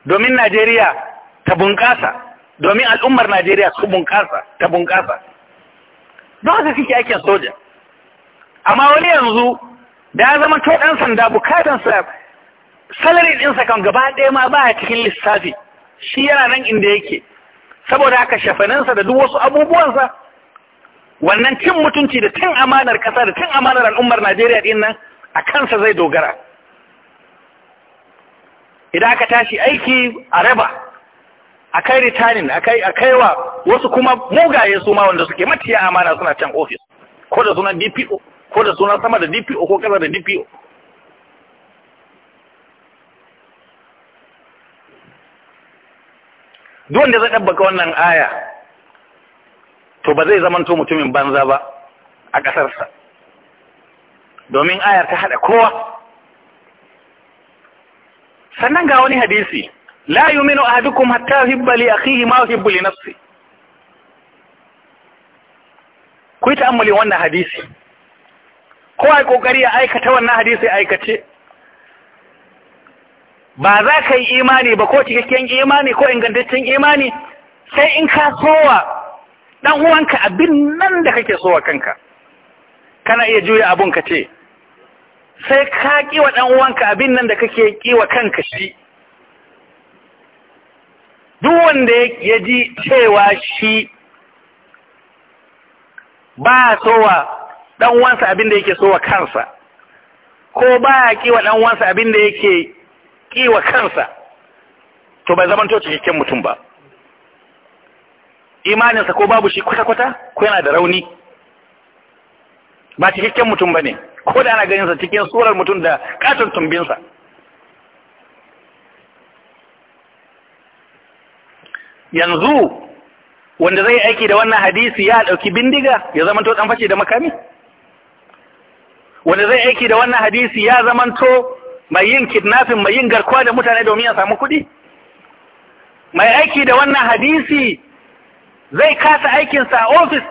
domin Najeriya ta bunƙasa, domin al'ummar Najeriya su bunƙasa, ta bunƙasa. Don haka kike aikin soja. Amma wani yanzu da ya zama to ɗan sanda bukatansa salari ɗinsa kan gaba ɗaya ma ba cikin lissafi shi yana nan inda yake saboda haka shafaninsa da duk wasu abubuwan abubuwansa wannan cin mutunci da cin amanar ƙasa da cin amanar al'ummar Najeriya ɗin nan a kansa zai dogara idan aka tashi aiki a raba a kai ritanin a kai wa wasu kuma mugaye su ma wanda suke matiya amana suna can ofis ko da sunan DPO ko da suna sama da DPO ko kasa da DPO duwan da zai ɗabbaka wannan aya to ba zai zamanto mutumin banza ba a ƙasarsa domin ayar ta haɗa kowa sannan ga wani hadisi la yuminu ahadukum hatta hibbali a akhihi ma hibbali li nafsi ku yi wannan hadisi ko ai kokari ya aikata wannan hadisi aikace ba za ka yi imani ba ko cikakken imani ko ingantaccen imani sai in ka sowa dan uwanka abin nan da kake sowa kanka kana iya juya abun ka ce sai ka kiwa dan uwanka abin nan da kake kiwa kanka shi duk wanda ya ji cewa shi ba sowa dan uwansa abin da yake so wa kansa ko ba ya kiwa dan uwansa abin da yake kiwa kansa to bai to cikakken mutum ba imaninsa ko babu shi kwata-kwata ko yana da rauni ba cikakken mutum ba ne ko da ana ganinsa cikin surar mutum da katon tumbinsa yanzu wanda zai aiki da wannan hadisi ya ɗauki bindiga ya zama to ɗan fashe da makami wanda zai aiki da wannan hadisi ya zamanto mai yin kidnapping mai yin garkuwa da mutane domin ya samu kuɗi mai aiki da wannan hadisi zai kasa aikinsa a ofis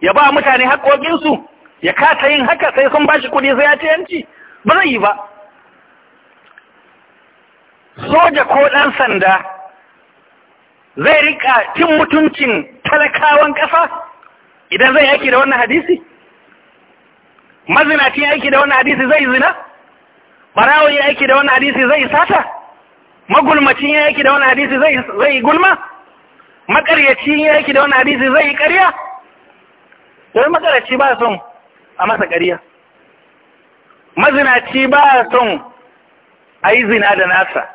ya ba mutane haƙoƙinsu ya kasa yin haka sai sun bashi kuɗi sai ya ce yanci ba zai yi ba soja ko ɗan sanda zai rika cin mutuncin talakawan ƙasa idan zai aiki da wannan hadisi mazinaci ya aiki da wani hadisi zai zina barawon ya aiki da wani hadisi zai sata magulmacin ya aiki da wani hadisi zai gulma makaryacin ya aiki da wani hadisi zai yi karya wani makaryaci ba son a masa karya mazinaci ba son a yi zina da nasa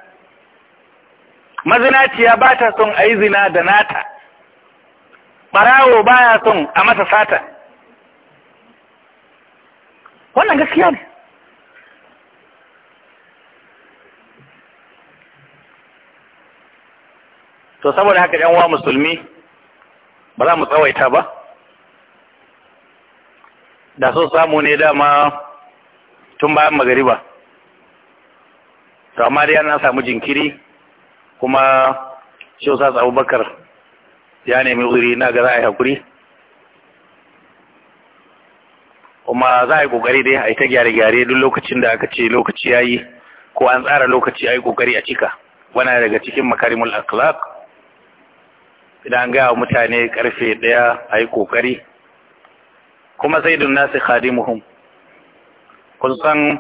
mazinaciya ba ta son a yi zina da nata ɓarawo ba ya son a masa sata wannan gaskiya ne to saboda haka yan uwa musulmi ba za mu tsawaita ba da so samu ne dama tun bayan magariba to amma dai ana samu jinkiri kuma shi wasu abubakar ya nemi wuri na ga za a yi hakuri kuma za a yi kokari dai a yi ta gyare-gyare duk lokacin da aka ce lokaci ya yi ko an tsara lokaci a yi kokari a cika wana daga cikin makarimul akhlaq idan gaya wa mutane karfe daya a yi kokari kuma sai dun nasu khadimuhum kun san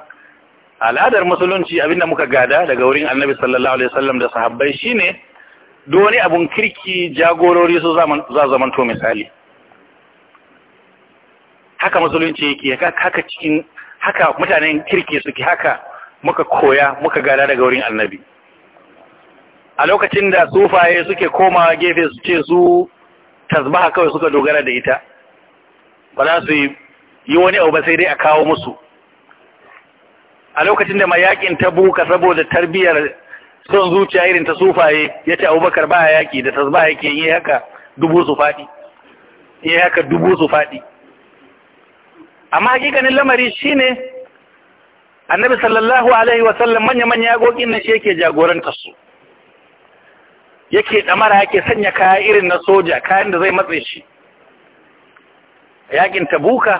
al'adar musulunci abinda muka gada daga wurin annabi sallallahu alaihi wasallam da sahabbai shine duk wani abun kirki jagorori su za zamanto misali haka musulunci yake haka cikin haka mutanen kirki suke haka muka koya muka gada daga wurin annabi a lokacin da sufaye suke komawa gefe su ce su tasbaha kawai suka dogara da ita ba za su yi wani abu ba sai dai a kawo musu a lokacin da mayakin ta buka saboda tarbiyyar son zuciya irin ta sufaye ya ce abubakar ba yaki da tasbaha yake yi haka haka dubu su faɗi amma hakikanin lamari shine annabi sallallahu alaihi wasallam manya-manya agogin na shi yake jagorantar su yake damara yake sanya kaya irin na soja kayan da zai matse shi yakin tabuka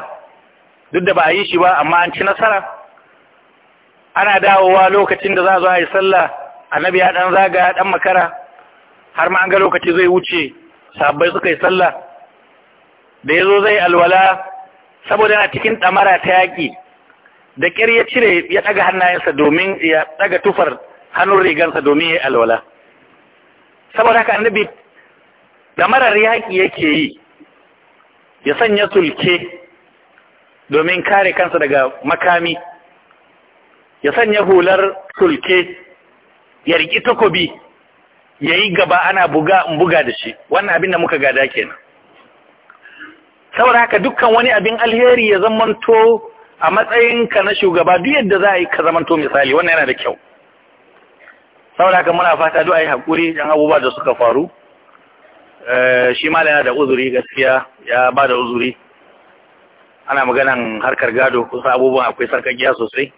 duk da ba a yi shi ba amma an ci nasara ana dawowa lokacin da za a zo a yi sallah annabi ya dan zaga dan makara har ma an ga lokaci zai wuce sabbai suka yi sallah da ya zo zai alwala saboda yana cikin ɗamara ta yaƙi da ƙir ya cire ya ɗaga hannayensa domin ya ɗaga tufar hannun rigansa domin ya yi alwala saboda haka annabi ɗamarar yaƙi yake yi ya sanya sulke domin kare kansa daga makami ya sanya hular sulke ya riƙi takobi ya yi gaba ana buga buga da shi wannan abin da muka gada kenan saboda haka dukkan wani abin alheri ya zamanto a matsayinka na shugaba duk yadda za a yi ka zamanto misali wannan yana da kyau saboda haka muna fata duk a yi haƙuri ɗan abubuwa da suka faru eh, shi ma yana da uzuri gaskiya ya ba da uzuri ana maganan harkar gado kusa abubuwan akwai sarkakiya sosai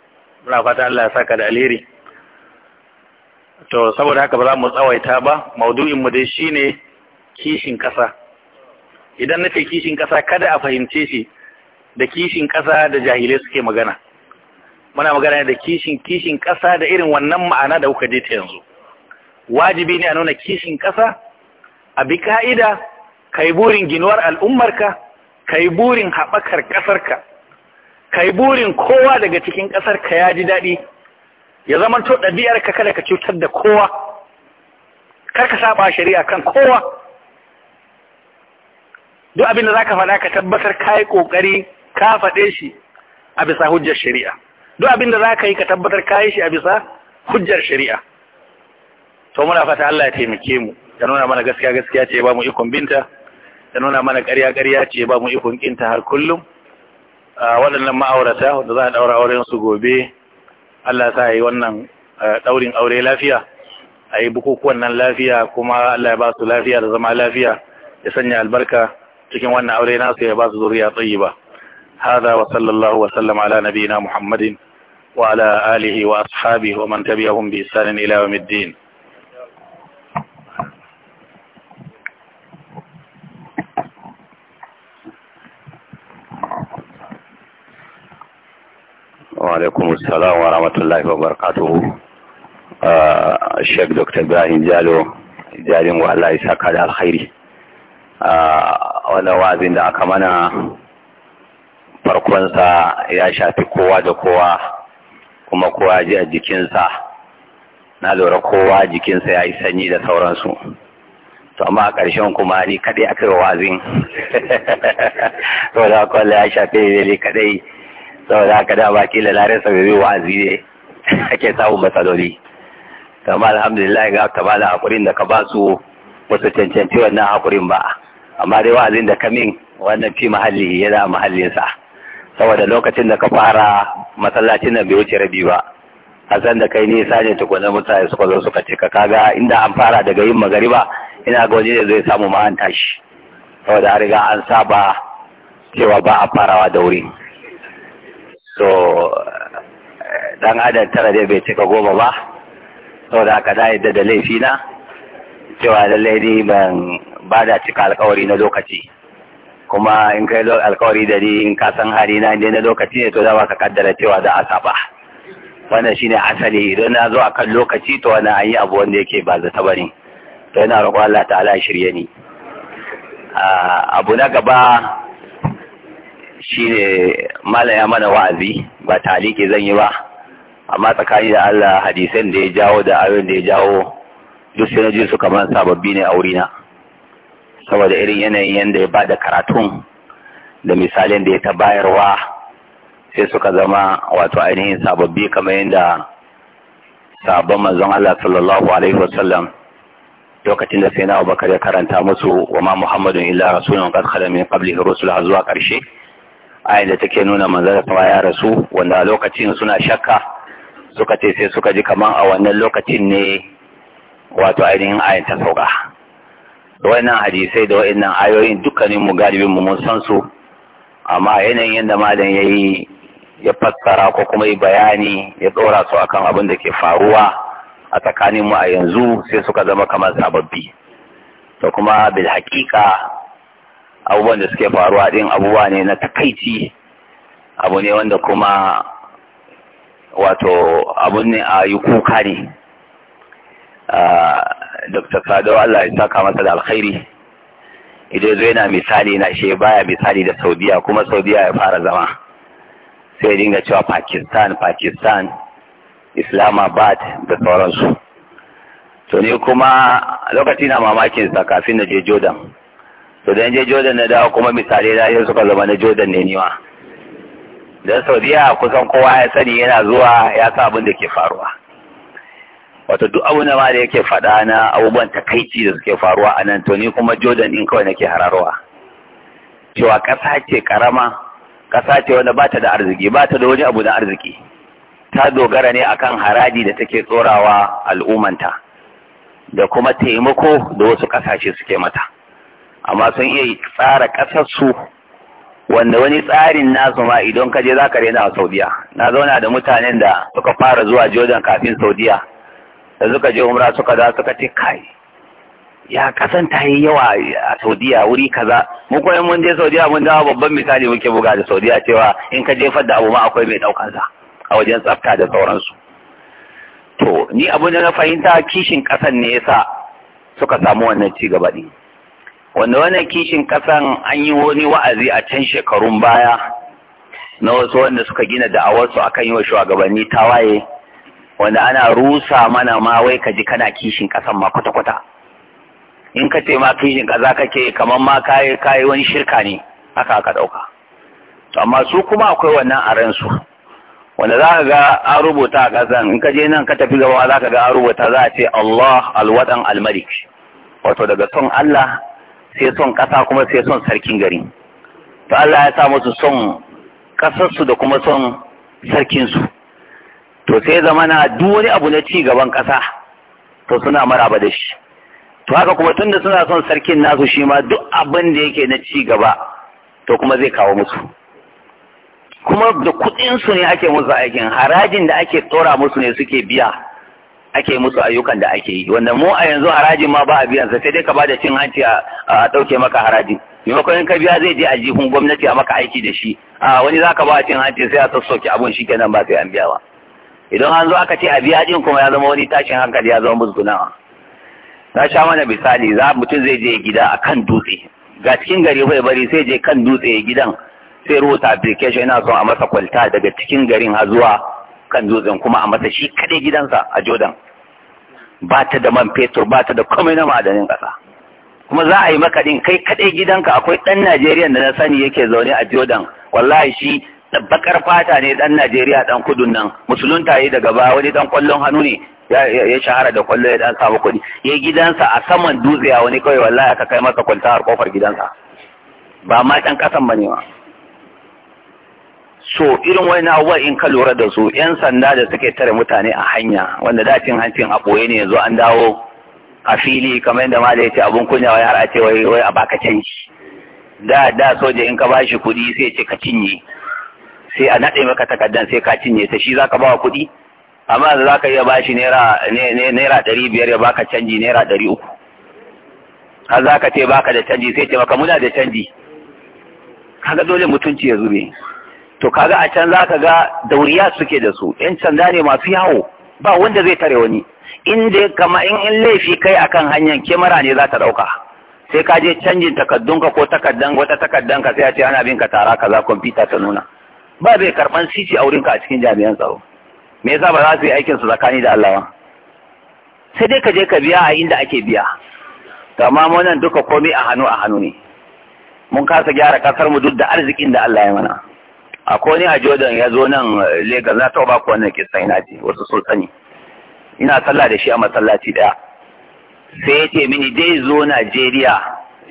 muna fata Allah ya saka da alheri to saboda haka ba za mu tsawaita ba maudu'in mu dai shine kishin kasa idan na ce kishin ƙasa kada a fahimce shi da kishin ƙasa da jahilai suke magana muna magana da kishin kishin ƙasa da irin wannan ma'ana da kuka je ta yanzu wajibi ne a nuna kishin ƙasa a bi ka'ida kai burin ginuwar al'ummarka kai burin haɓakar ƙasarka kai burin kowa daga cikin ƙasarka ya ji daɗi ya zama to ɗabi'arka kada ka cutar da kowa kar ka saba shari'a kan kowa duk abin da za ka faɗa ka tabbatar ka yi ƙoƙari ka faɗe shi a bisa hujjar shari'a duk abin da za ka yi ka tabbatar ka yi shi a bisa hujjar shari'a to muna fata Allah ya taimake mu ya nuna mana gaskiya gaskiya ce ba mu ikon binta ya nuna mana ƙarya ƙarya ce ba mu ikon kinta har kullum waɗannan ma'aurata da za a ɗaura auren su gobe Allah sa yi wannan ɗaurin aure lafiya a yi bukukuwan nan lafiya kuma Allah ya ba su lafiya da zama lafiya ya sanya albarka cikin wannan aure nasu ya ba su zuriya tayyiba hada wa sallallahu wa sallam ala nabiyina muhammadin wa ala alihi wa ashabihi wa man tabi'ahum bi ihsan ila yawmiddin وعليكم wa ورحمة الله وبركاته الشيخ دكتور إبراهيم جالو جالي والله يساك على الخير wani wazin da aka mana farkonsa ya shafi kowa da kowa kuma kowa ji a jikinsa na lura kowa jikinsa ya yi sanyi da sauransu to amma a ƙarshen kuma ni kaɗai aka yi wazin [LAUGHS] saboda haka wanda ya shafi ne ne kaɗai saboda haka dama kila larin sa bai wazi ne [LAUGHS] ake samun matsaloli kamar alhamdulillah ga ta da haƙurin da ka ba su wasu cancanci wannan haƙurin ba amma dai wa'azin da kamin wannan fi mahalli yana mahallinsa saboda lokacin da ka fara masallacin nan bai wuce rabi ba a san da kai nisa ne tukunan mutane suka zo suka cika kaga inda an fara daga yin magariba ina ga waje zai samu ma an tashi saboda an riga an saba cewa ba a farawa da wuri so dan adam tara dai bai cika goma ba saboda haka da yadda da laifina cewa lallai ni ban ba da cika alkawari na lokaci kuma in kai alkawari da ni in ka san hari na inda na lokaci ne to za ka kaddara cewa za a saba wannan shine asali idan na zo akan lokaci to wani an yi abu wanda yake ba zata bane to yana roƙo Allah ta'ala Ya shirye ni abu na gaba shine malaya mana wa'azi ba taliki zan yi ba amma tsakani da Allah hadisan da ya jawo da ayoyin da ya jawo duk sai na ji su kamar sababbi ne a wurina. na saboda irin yanayin yadda ya bada karatun da misalin da ya ta bayarwa sai suka zama wato ainihin sababbi kamar yadda sabon manzon Allah sallallahu alaihi wasallam lokacin da sai na Abubakar ya karanta musu wa ma Muhammadun illa rasulun kan khala min qablihi rusul har zuwa karshe ayin da take nuna manzon Allah ya rasu wanda a lokacin suna shakka suka ce sai suka ji kaman a wannan lokacin ne wato ainihin ayin ta sauka wannan hadisai da wa'annan ayoyin dukkanin mu galibin mu mun san su amma yanayin yadda malam ya yi ya fassara ko kuma yi bayani ya ɗora su akan abin da ke faruwa a tsakanin mu a yanzu sai suka zama kamar sababbi to kuma bil haƙiƙa abubuwan da suke faruwa ɗin abubuwa ne na takaici abu ne wanda kuma wato abun ne a yi kuka ne ah, Dr. Sado Allah ya saka masa da alkhairi idan zo yana misali na shi baya misali da Saudiya kuma Saudiya ya fara zama sai ya dinga cewa Pakistan Pakistan Islamabad da sauransu to ne kuma lokaci na mamakin sa kafin na je Jordan to dan je Jordan na dawo kuma misali da yau suka zama na Jordan ne niwa dan Saudiya kusan kowa ya sani yana zuwa ya sa abin da ke faruwa wato duk abu ma da yake faɗa na abubuwan takaici da suke faruwa a nan to ni kuma jordan in kawai nake hararwa cewa ƙasa ce ƙarama ƙasa ce wanda ba ta da arziki ba ta da wani abu na arziki ta dogara ne akan haraji da take tsorawa al'ummanta da kuma taimako da wasu ƙasashe suke mata amma sun iya tsara ƙasarsu wanda wani tsarin nasu ma idan ka je za ka rena a saudiya na zauna da mutanen da suka fara zuwa jordan kafin saudiya da suka je umra suka za suka ce kai ya kasan ta yi yawa a saudiya wuri kaza mu kuma mun je saudiya mun dawo babban misali muke buga da saudiya cewa in ka je da abu ma akwai mai daukar sa a wajen tsafta da sauransu to ni abin da na fahimta kishin kasan ne yasa suka samu wannan ci gaba din wanda wannan kishin kasan an yi wani wa'azi a can shekarun baya na wasu wanda suka gina da'awarsu akan yi wa shugabanni tawaye wanda ana rusa mana ma wai ka ji kana kishin kasan ma kwata-kwata in ka ce ma kishin ƙasa kake kamar ma kayi kayi wani shirka ne haka aka ɗauka to amma su kuma akwai wannan a su wanda za ka ga an rubuta a kasan in ka je nan ka tafi gaba za ka ga an rubuta za a ce Allah alwadan almalik wato daga son Allah sai son ƙasa kuma sai son sarkin gari to Allah ya sa musu son ƙasarsu da kuma son sarkinsu to sai zama na duk wani abu na ci gaban ƙasa to suna maraba da shi to haka kuma tun da suna son sarkin nasu shi ma duk abin da yake na ci gaba to kuma zai kawo musu kuma da kuɗinsu ne ake musu aikin harajin da ake tsora musu ne suke biya ake musu ayyukan da ake yi wanda mu a yanzu harajin ma ba a biyan sa sai dai ka ba da cin hanci a ɗauke maka harajin maimakon ka biya zai je a jihun gwamnati a maka aiki da shi a wani za ka ba a cin hanci sai a sassauke abun shi kenan ba sai an biya ba idan an zo aka ce a biya din kuma ya zama wani tashin hankali ya zama musgunawa na sha mana misali za mutum zai je gida a kan dutse ga cikin gari bai bari sai je kan dutse gidan sai rubuta application yana son a masa kwalta daga cikin garin har zuwa kan dutsen kuma a masa shi kadai gidansa a jodan. ba ta da man fetur ba ta da komai na ma'adanin ƙasa kuma za a yi maka ɗin kai kaɗai gidanka akwai dan Najeriya da na sani yake zaune a Jordan wallahi shi bakar fata ne dan Najeriya dan kudun nan musulunta yi daga ba wani dan kwallon hannu ne ya shahara da kwallo ya dan samu kuɗi ya gidansa a saman dutse a wani kawai wallahi aka kai masa kwalta har kofar gidansa ba ma dan kasan bane ma so irin wani abubuwa in ka lura da su yan sanda da suke tare mutane a hanya wanda da cin hancin a boye ne yanzu an dawo a fili kamar yadda ma da ya ce abun kunya wai har a ce wai a baka canji da da soja in ka bashi kuɗi sai ce ka cinye sai a naɗe maka takardan sai ka cinye ta shi zaka bawa kuɗi amma za ka iya bashi naira naira ɗari biyar ya baka canji naira ɗari uku har za ka ce baka da canji sai ce maka muna da canji kaga dole mutunci ya zube to kaga a can za ka ga dauriya suke da su yan canza ne masu yawo ba wanda zai tare wani inda kama in in laifi kai akan hanyar kemara ne za ta ɗauka sai ka je canjin takaddunka ko takaddan wata takaddanka sai a ce ana bin ka tara kaza kwamfuta ta nuna ba zai karban sisi a wurinka a cikin jami'an tsaro me yasa ba za su yi aikin su zakani da Allah ba sai dai ka je ka biya a inda ake biya amma mu duka komai a hannu a hannu ne mun kasa gyara kasar mu duk da arzikin da Allah ya mana akwai wani a Jordan ya zo nan eh, Lagos na ba ku wannan kisan ina ji wasu sun ina sallah da shi a masallaci daya sai ya mini dai zo Najeriya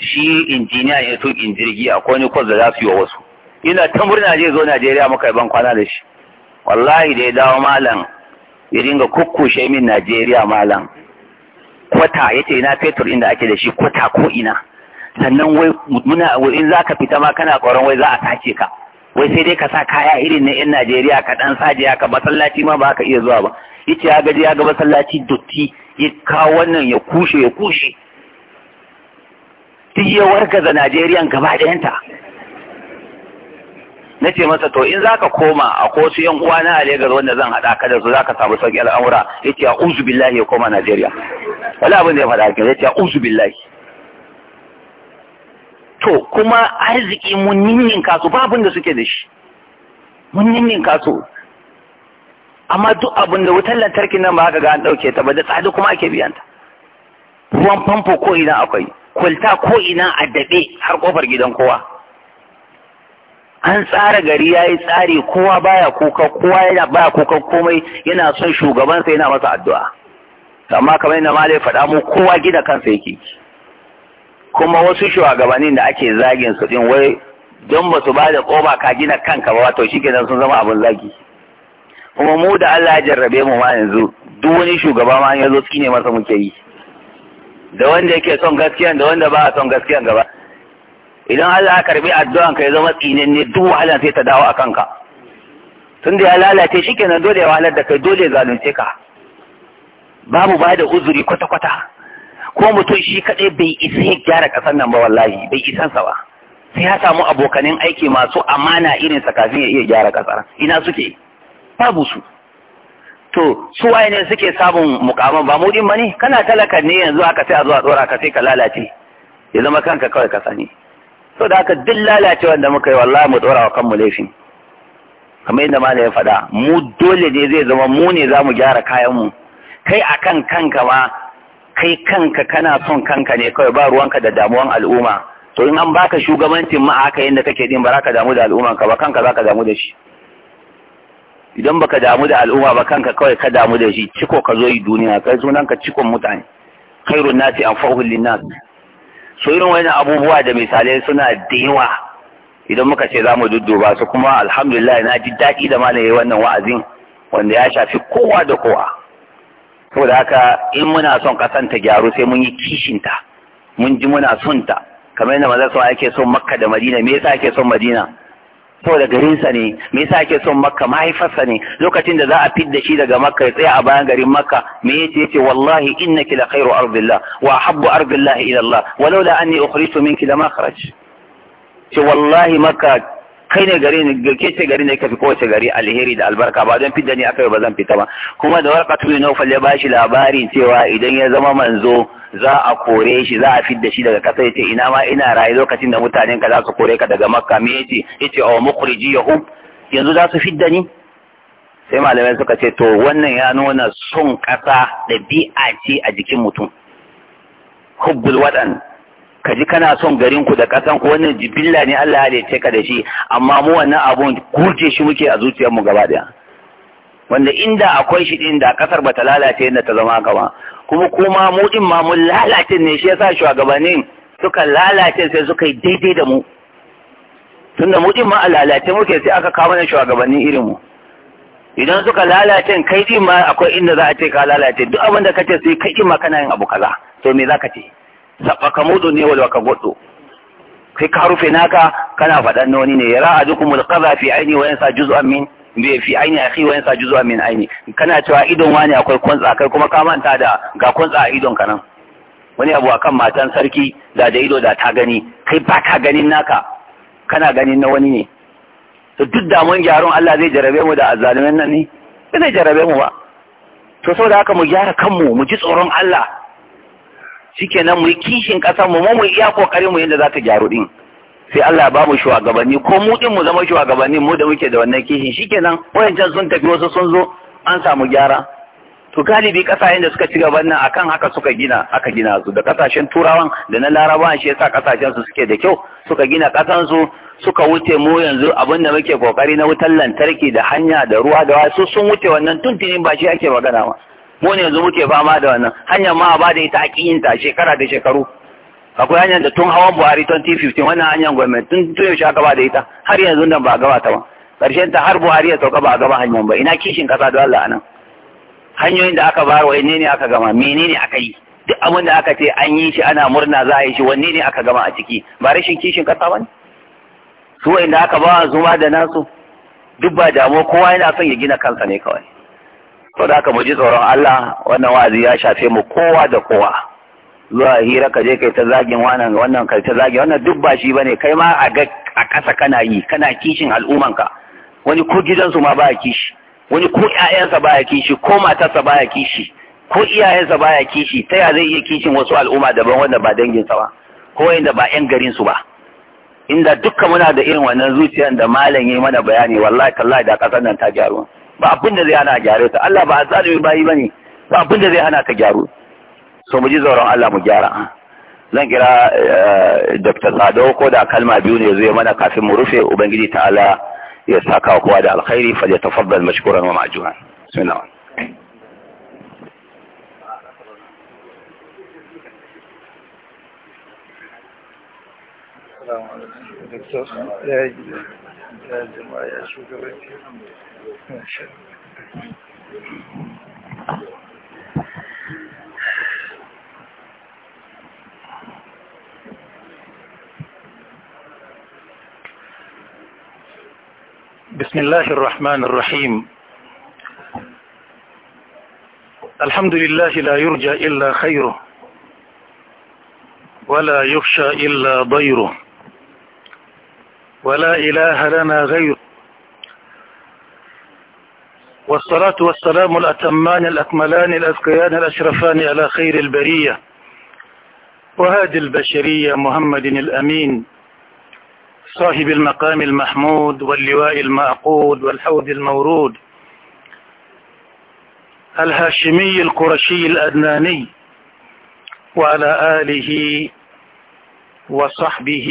shi injiniya ne tukin jirgi akwai wani kwas da za su yi wa wasu ina ta murna zai zo Najeriya muka ban kwana da shi wallahi da ya dawo malam ya dinga kukkushe min Najeriya malam kwata yace ina fetur inda ake da shi kwata ko ina sannan wai muna in zaka fita ma kana koron wai za a sace ka wai sai dai ka sa kaya irin na yan Najeriya ka ɗan sajiya ka masallaci ma ba ka iya zuwa ba yace ya gaji ya ga masallaci dotti ya kawo wannan ya kushe ya kushe duk ya wargaza Najeriya gaba ɗayanta na ce masa to in zaka koma a kosu yan uwa na a Legas wanda zan haɗa ka da su zaka samu sauki al'amura yace a'udhu billahi ya koma Najeriya wala abin da ya faɗa kin yace a'udhu billahi to kuma arziki mun ninnin kasu babun da suke da shi mun ninnin kasu amma duk abin da wutar lantarki nan ba haka ga an ɗauke ta ba da tsadi kuma ake biyan ta ruwan famfo ko ina akwai kwalta ko ina a daɗe har ƙofar gidan kowa an tsara gari ya yi tsari kowa baya kuka kowa yana baya kuka komai yana son shugabansa yana masa addu'a amma kamar yadda malai faɗa mu kowa gina kansa yake kuma wasu shugabannin da ake zagin su din wai don ba su ba da koma ka gina kanka ba wato shi kenan sun zama abin zagi kuma mu da Allah ya jarrabe mu ma yanzu duk wani shugaba ma ya zo ne masa muke yi da wanda yake son gaskiya da wanda ba a son gaskiya gaba idan Allah ya karbi addu'an ka ya zama ne duk wahala sai ta dawo a kanka tun da ya lalace shi kenan dole ya wahalar da kai dole zalunce ka babu ba da uzuri kwata kwata ko mutum shi kaɗai bai isa ya gyara kasan nan ba wallahi bai isan sa ba sai ya samu abokanin aiki masu amana irin sa kafin ya iya gyara kasar ina suke babu su to su waye ne suke samun mukama ba mudin ne kana talaka ne yanzu aka sai a zuwa a dora ka sai ka lalace ya zama kanka kawai ka sani so da haka duk lalace da muka yi wallahi mu dora wa kanmu laifin kamar yadda malamin ya faɗa mu dole ne zai zama mu ne za mu gyara kayanmu kai akan kanka ma kai kanka kana son kanka ne kawai ba ruwanka da damuwan al'umma to in an baka shugabancin ma aka yadda kake din ba za ka damu da al'umman ka ba kanka za ka damu da shi idan baka damu da al'umma ba kanka kawai ka damu da shi ciko ka zo yi duniya kai sunan ka cikon mutane khairun nasi anfa'uhum linnas su irin wani abubuwa da misalai suna da yawa idan muka ce za mu dudduba su kuma alhamdulillah na ji daɗi da malaye wannan wa'azin wanda ya shafi kowa da kowa saboda haka in muna son ƙasan ta gyaru sai mun yi kishinta mun ji muna son ta kamar yadda maza sun ake son makka da madina me yasa ake son madina saboda sa ne me yasa ake son makka mahaifarsa ne lokacin da za a fidda shi daga makka ya tsaya a bayan garin makka me yace yace wallahi innaki la khairu ardillah wa habbu ardillah ila Allah walau la anni ukhrijtu minki lama kharaj ce wallahi makka kai ne gari ne ke ce gari ne ka kowace gari alheri da albarka ba don fidda ne aka ba zan fita ba kuma da warka na ufalle ba bashi labari cewa idan ya zama manzo za a kore shi za a fidda shi daga kasa yace ina ma ina rayu lokacin da mutanen ka za su kore ka daga makka me yace yace aw oh, mukhrijiyahum yanzu za su fidda ni sai malamai suka ce to wannan ya nuna son kasa bi'a ce a jikin mutum hubbul wadan ka ji kana son garin ku da kasan ku wannan jibilla ne Allah ya halice ka da shi amma mu wannan abun kurce shi muke a zuciyar mu gaba daya wanda inda akwai shi din da kasar bata lalace inda ta zama ka ba kuma kuma mu din ma mun lalace ne shi yasa shugabannin suka lalace sai suka yi daidai da mu tunda mu din ma a lalace muke sai aka kawo mana shugabannin irin mu idan suka lalace kai din ma akwai inda za a ce ka lalace duk abin da kace sai kai din ma kana yin abu kaza to me za ka ce sabaka mudu ne wal waka gudu kai ka rufe naka kana fadan noni ne yara ajukumul qadha fi aini wa yansa juz'an min bi fi aini akhi wa yansa juz'an min aini kana cewa idon wani akwai kwantsa kai kuma ka manta da ga kwantsa a idon ka nan wani abu akan matan sarki da da ido da ta gani kai ba ka ganin naka kana ganin na wani ne to duk da mun gyaron Allah zai jarabe mu da azzalumin nan ne zai jarabe mu ba to saboda haka mu gyara kanmu mu ji tsoron Allah shikenan mu yi kishin kasa mu mu iya kokarin mu yanda za ta gyaru din sai Allah ba mu shugabanni ko mu din mu zama shugabanni mu da muke da wannan kishin shikenan wayancan sun tafi wasu sun zo an samu gyara to galibi kasashen da suka ci gaba nan akan haka suka gina aka gina su da kasashen turawan da na larabawan shi yasa kasashen su suke da kyau suka gina kasan su suka wuce mu yanzu abin da muke kokari na wutar lantarki da hanya da ruwa da wasu sun wuce wannan tuntunin ba shi ake magana ba mu ne yanzu muke fama da wannan hanyar ma ba da ita a kiyinta shekara da shekaru akwai hanyar da tun hawan buhari 2015 wannan hanyar gwamnati tun tun yaushe aka ba da ita har yanzu nan ba a gaba ta ba karshen ta har buhari ya sauka ba a gaba hanyar ba ina kishin kasa da Allah anan hanyoyin da aka ba wa ne ne aka gama menene aka yi duk abin da aka ce an yi shi ana murna za a yi shi wanne ne aka gama a ciki ba rashin kishin kasa ba ne su wa'inda aka ba zuma da nasu duk ba damuwa kowa yana son ya gina kansa ne kawai to da mu ji tsoron Allah wannan wa'azi ya shafe mu kowa da kowa zuwa hira ka je kai ta zagin wannan wannan kai ta zagin wannan duk ba shi bane kai ma a ga a ƙasa kana yi kana kishin al'umanka wani ko gidansu ma baya kishi wani ko ƴaƴansa baya kishi ko matarsa baya kishi ko iyayensa baya kishi ta ya zai iya kishin wasu al'umma daban wanda ba danginsa ba ko wanda ba ƴan garin ba inda dukkan muna da irin wannan zuciyar da malam yi mana bayani wallahi tallahi da ƙasar nan ta gyaru ba abin da zai hana a ta Allah ba azalimi bayi bane ba abin zai hana ta gyaru so mu ji tsoron Allah mu gyara zan kira Dr. Sado ko da kalma biyu ne zai mana kafin mu rufe ubangiji ta'ala ya saka kowa da alkhairi fa ya tafaddal mashkuran wa ma'juhan bismillah Doktor, ya yi ya shugabanci. بسم الله الرحمن الرحيم الحمد لله لا يرجى إلا خيره ولا يخشى إلا ضيره ولا إله لنا غيره والصلاة والسلام الأتمان الأكملان الأذكيان الأشرفان على خير البرية وهادي البشرية محمد الأمين صاحب المقام المحمود واللواء المعقود والحوض المورود الهاشمي القرشي الأدناني وعلى آله وصحبه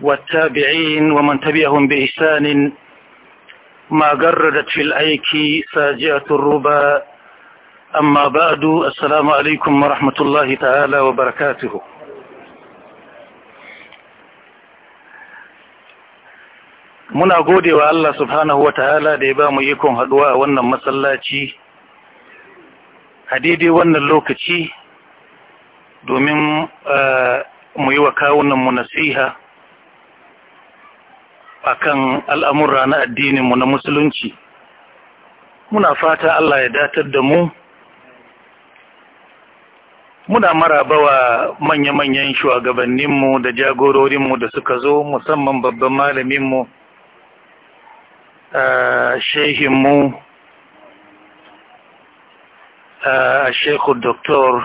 والتابعين ومن تبعهم بإحسان ما جردت في الأيك ساجعة الربا أما بعد السلام عليكم ورحمة الله تعالى وبركاته muna gode wa Allah subhanahu wa ta'ala da ya ba mu ikon haɗuwa a wannan masallaci a daidai wannan lokaci domin mu yi wa kawunanmu nasiha a kan al'amurra na addininmu na musulunci muna fata Allah ya datar da mu muna marabawa bawa manya-manyan shugabanninmu da jagororinmu da suka zo musamman babban malaminmu shehinmu shekhu doktor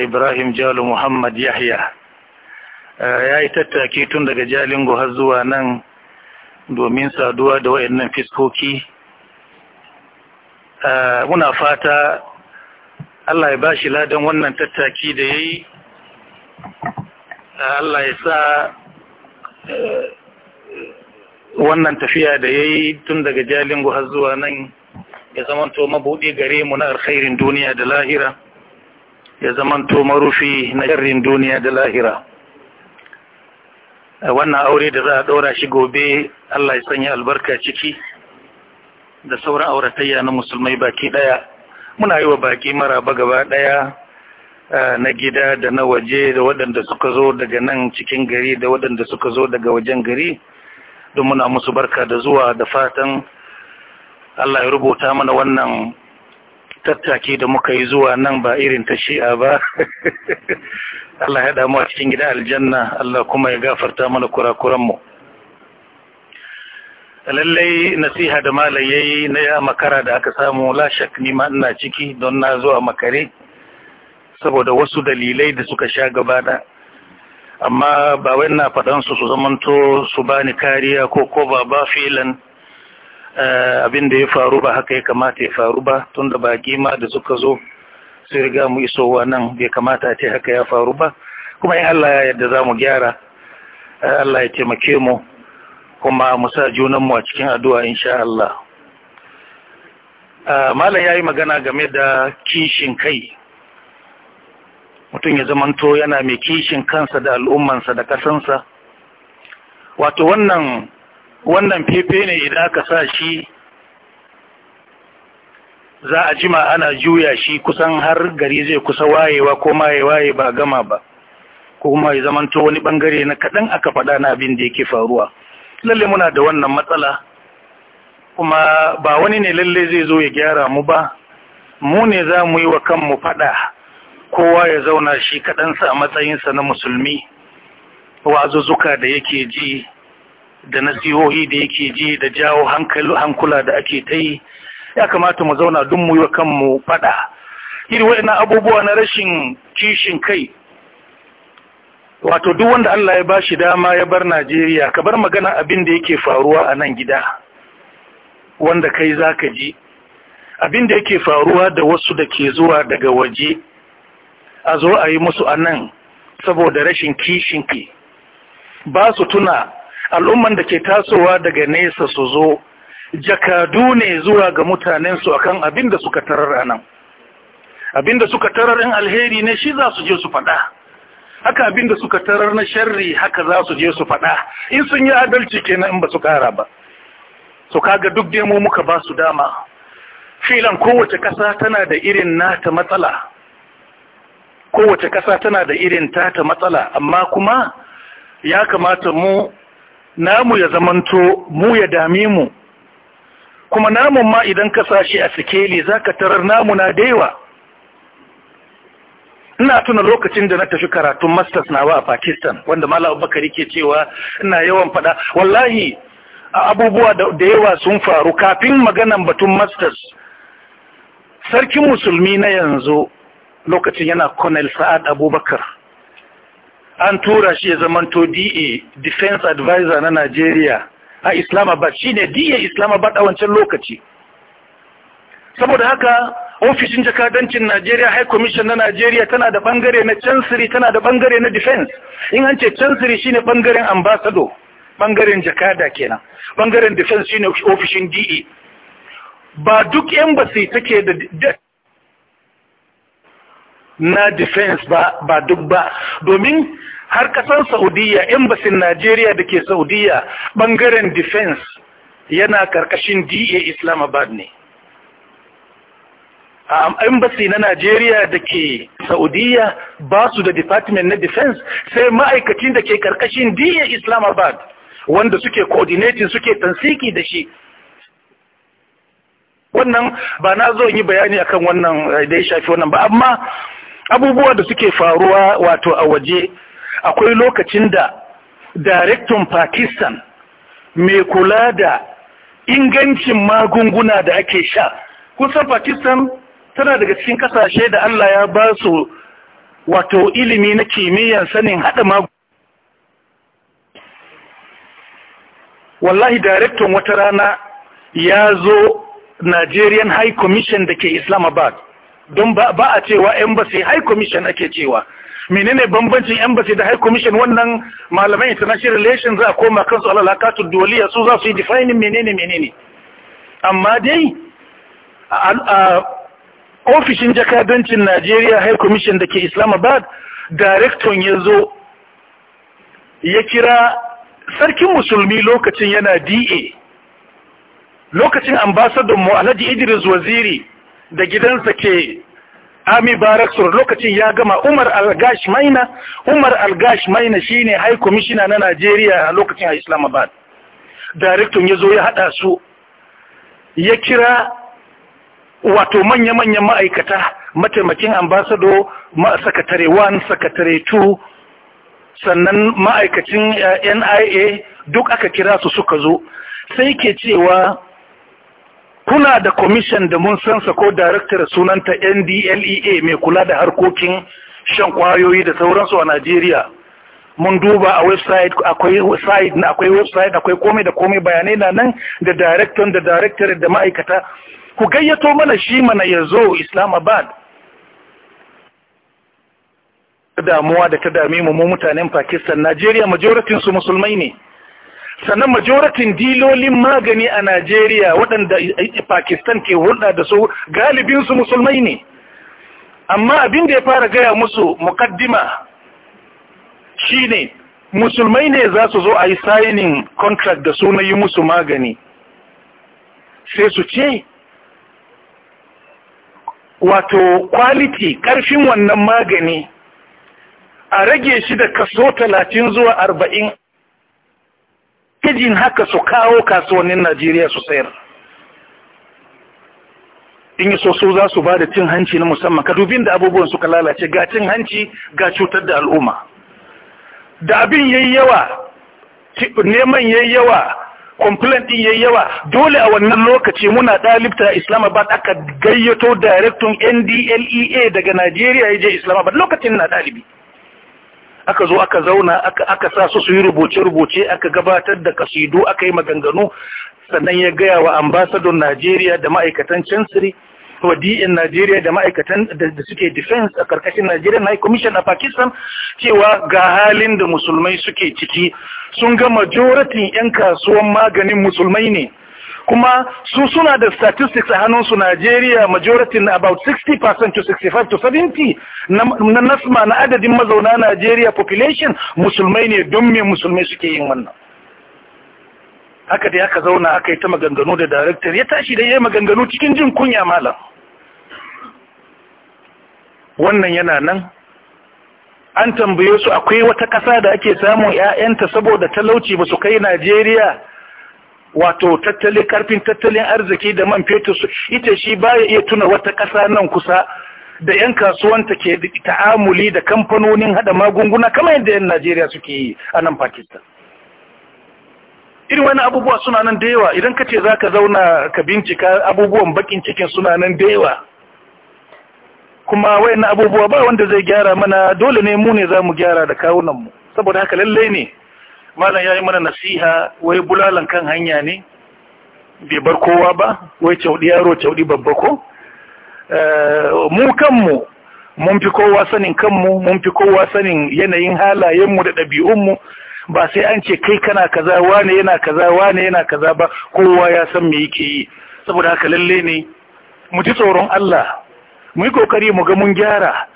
ibrahim jalo muhammad yahya Eh, ya yi tattaki tun daga jalingo har zuwa nan domin saduwa da wayannan fiskoki eh, muna fata Allah ya bashi ladan wannan tattaki da ya yi eh, Allah ya sa wannan tafiya da ya yi tun daga jalingo har zuwa nan ya zamanto mabuɗi gare mu na alkhairin duniya da lahira ya zamanto marufi na yarrin duniya da lahira Eh, wannan aure da za a ɗora shi gobe Allah ya sanya albarka ciki da sauran auratayya na musulmai baki ɗaya muna yi wa baki maraba gaba ɗaya eh, na gida da na waje da waɗanda suka zo daga nan cikin gari da waɗanda suka zo daga wajen gari don muna musu barka da zuwa da fatan Allah ya rubuta mana wannan tattaki da muka yi zuwa nan ba irin ta shi'a ba [LAUGHS] Allah ya damu a cikin gida aljanna Allah kuma ya gafarta mana kurakuranmu lallai nasiha da malayayi na ya makara da aka samu lashak nima ina ciki don na zuwa makare saboda wasu dalilai da suka sha gabana amma ba wai na faɗansu su zamanto su bani kariya ko ko ba ba filan Eh, abin da ya faru ba haka ya kamata ya faru ba tun da baki ma da suka zo sai riga mu iso wa nan bai kamata ce haka ya faru ba kuma in Allah ya yarda za mu gyara eh, Allah ya taimake mu kuma mu sa junanmu a cikin addu'a insha Allah eh, malam ya yi magana game da kishin kai mutum ya zamanto yana mai kishin kansa da al'ummansa da kasansa wato wannan wannan fefe ne idan aka sa shi za a jima ana juya shi kusan har gari zai kusa wayewa ko maye waye ba gama ba ko kuma ya zamanto wani bangare na kaɗan aka faɗa na abin da yake faruwa lalle muna da wannan matsala kuma ba wani ne lalle zai zo ya gyara mu ba mu ne za mu yi wa kanmu faɗa kowa ya zauna shi kaɗansa a matsayinsa na musulmi wa'azuzzuka da yake ji da nasihohi da yake ji da jawo hankula da ake ta yi ya kamata mu zauna duk mu yi wa kanmu fada iri waɗannan abubuwa na rashin kishin kai wato duk wanda Allah ya bashi dama ya bar Najeriya ka bar magana abin da yake faruwa a nan gida wanda kai zaka ji abin da yake faruwa da wasu da ke zuwa daga waje a zo a yi musu a nan saboda rashin kishin kai ba su tuna al'umman da ke tasowa daga nesa su zo jakadu ne zuwa ga mutanensu akan abin da suka tarar a nan abin da suka tarar in alheri ne shi za su je su faɗa haka abin da suka tarar na sharri haka za su je su faɗa in sun yi adalci kenan in ba su ƙara ba su kaga duk demo muka ba su dama filan kowace ƙasa tana da irin nata matsala kowace ƙasa tana da irin tata matsala amma kuma ya kamata mu namu ya zamanto mu ya dame mu kuma namun ma idan ka sashi a sikeli za ka tarar namu na daiwa ina tuna lokacin da na tafi karatun masters nawa a pakistan wanda mala abubakar ke cewa ina yawan fada wallahi a abubuwa da yawa sun faru kafin maganan batun masters sarkin musulmi na yanzu lokacin yana colonel sa'ad abubakar an tura shi ya zamanto DA Defense Advisor na Najeriya a Islamabad shine DA Islamabad a wancan lokaci saboda haka ofishin jakadancin Najeriya High Commission na Najeriya tana da bangare na Chancery tana da bangare na Defense in an ce Chancery shine bangaren ambassador bangaren jakada kenan bangaren Defense shine ofishin DA ba duk embassy take da na defense ba ba duk ba domin har kasar Saudiya embassy Najeriya da ke Saudiya bangaren defense yana karkashin DA Islamabad ne a embassy na Najeriya da ke Saudiya ba su da department na defense sai ma'aikacin da ke karkashin DA Islamabad wanda suke coordinating suke tansiki da shi wannan ba na zo yi bayani akan wannan eh, da ya shafi wannan ba amma abubuwa da suke faruwa wato a waje akwai lokacin da Darektan Pakistan mai kula da ingancin magunguna da ake sha. Kusan Pakistan tana daga cikin kasashe da Allah ya ba su wato ilimi na kimiyyar sanin haɗa magunguna. Wallahi Darektan wata rana ya zo Nigerian High Commission da ke Islamabad. don ba a cewa embassy high commission ake cewa menene bambancin embassy da high commission wannan malaman international relations za a koma kansu alalakatu duwaliya su za su yi defining menene menene amma dai a ofishin jakadancin Nigeria high commission da ke Islamabad director ya zo ya kira sarkin musulmi lokacin yana DA lokacin ambassador mu Alhaji Idris Waziri da gidansa ke Ami Baraksur lokacin ya gama Umar Algash Maina, Umar Algash Maina shine High Commissioner na Najeriya a lokacin Islamabad. Director ya zo ya haɗa su ya kira wato manya-manyan ma'aikata mataimakin ambasado sakatare 1 sakatare 2 sannan ma'aikacin eh, NIA duk aka kira su suka zo sai ke cewa kuna da commission da mun sansa ko director sunanta NDLEA mai kula da harkokin shan kwayoyi da sauransu a Najeriya mun duba a website akwai website akwai website akwai komai da komai bayanai na nan da director da director da ma'aikata ku gayyato mana shi mana ya zo Islamabad damuwa da ta dame mu mu mutanen Pakistan Najeriya majoritin su musulmai ne sannan majoratin dilolin magani a Najeriya waɗanda Pakistan ke hulɗa da su galibinsu musulmai ne amma abin da ya fara gaya musu mukaddima ne. musulmai ne za su zo a yi signing contract da su yi musu magani sai su ce wato kwaliti ƙarfin wannan magani a rage shi da kaso talatin zuwa arba'in jin haka su kawo kasuwannin najeriya su sayar in yi su za su ba da cin hanci na musamman ka dubin da abubuwan suka lalace ga cin hanci ga cutar da al'umma da abin yayi yawa neman yayi yawa complaint din yayi yawa dole a wannan lokaci muna dalibta Islamabad aka gayyato director NDLEA daga Najeriya yaje Islamabad lokacin na ɗalibi. aka zo aka zauna aka sa su yi rubuce-rubuce aka gabatar da kasidu aka yi maganganu sannan ya gaya wa ambasadon Najeriya da ma'aikatan chancery wa DN Najeriya da ma'aikatan da suke defense a karkashin Najeriya na commission a Pakistan cewa ga halin da musulmai suke ciki sun ga majoratin 'yan kasuwan maganin musulmai ne kuma su suna da statistics a hannunsu Najeriya majority na about 60% to 65 to 70 na nasma na adadin mazauna Najeriya population musulmai ne don me musulmai suke yin wannan haka da aka zauna aka yi ta maganganu da director ya tashi da yi maganganu cikin jin kunya malam wannan yana nan an tambaye su akwai wata ƙasa da ake samun 'ya'yanta saboda talauci ba su kai Najeriya wato tattalin karfin tattalin arziki da man fetur ita shi baya iya tuna wata kasa nan kusa da 'yan kasuwanta ke ta'amuli da kamfanonin hada magunguna kamar yadda 'yan Najeriya suke yi a nan Pakistan. Irin wani abubuwa suna nan da yawa idan ka ce za ka zauna ka bincika abubuwan bakin cikin suna nan da yawa. Kuma wayan abubuwa ba wanda zai gyara mana dole ne mu ne za mu gyara da kawunanmu, saboda haka lallai ne. malam ya yi mana nasiha wai bulalan kan hanya ne bai bar kowa ba wai caudi yaro caudi babba ko eh, mu kanmu mun fi kowa sanin kanmu mun fi kowa sanin yanayin halayenmu da ɗabi'unmu ba sai an ce kai kana kaza wane yana kaza wane yana kaza ba kowa ya san me yake yi saboda haka lalle ne mu ji tsoron Allah mu yi kokari mu ga mun gyara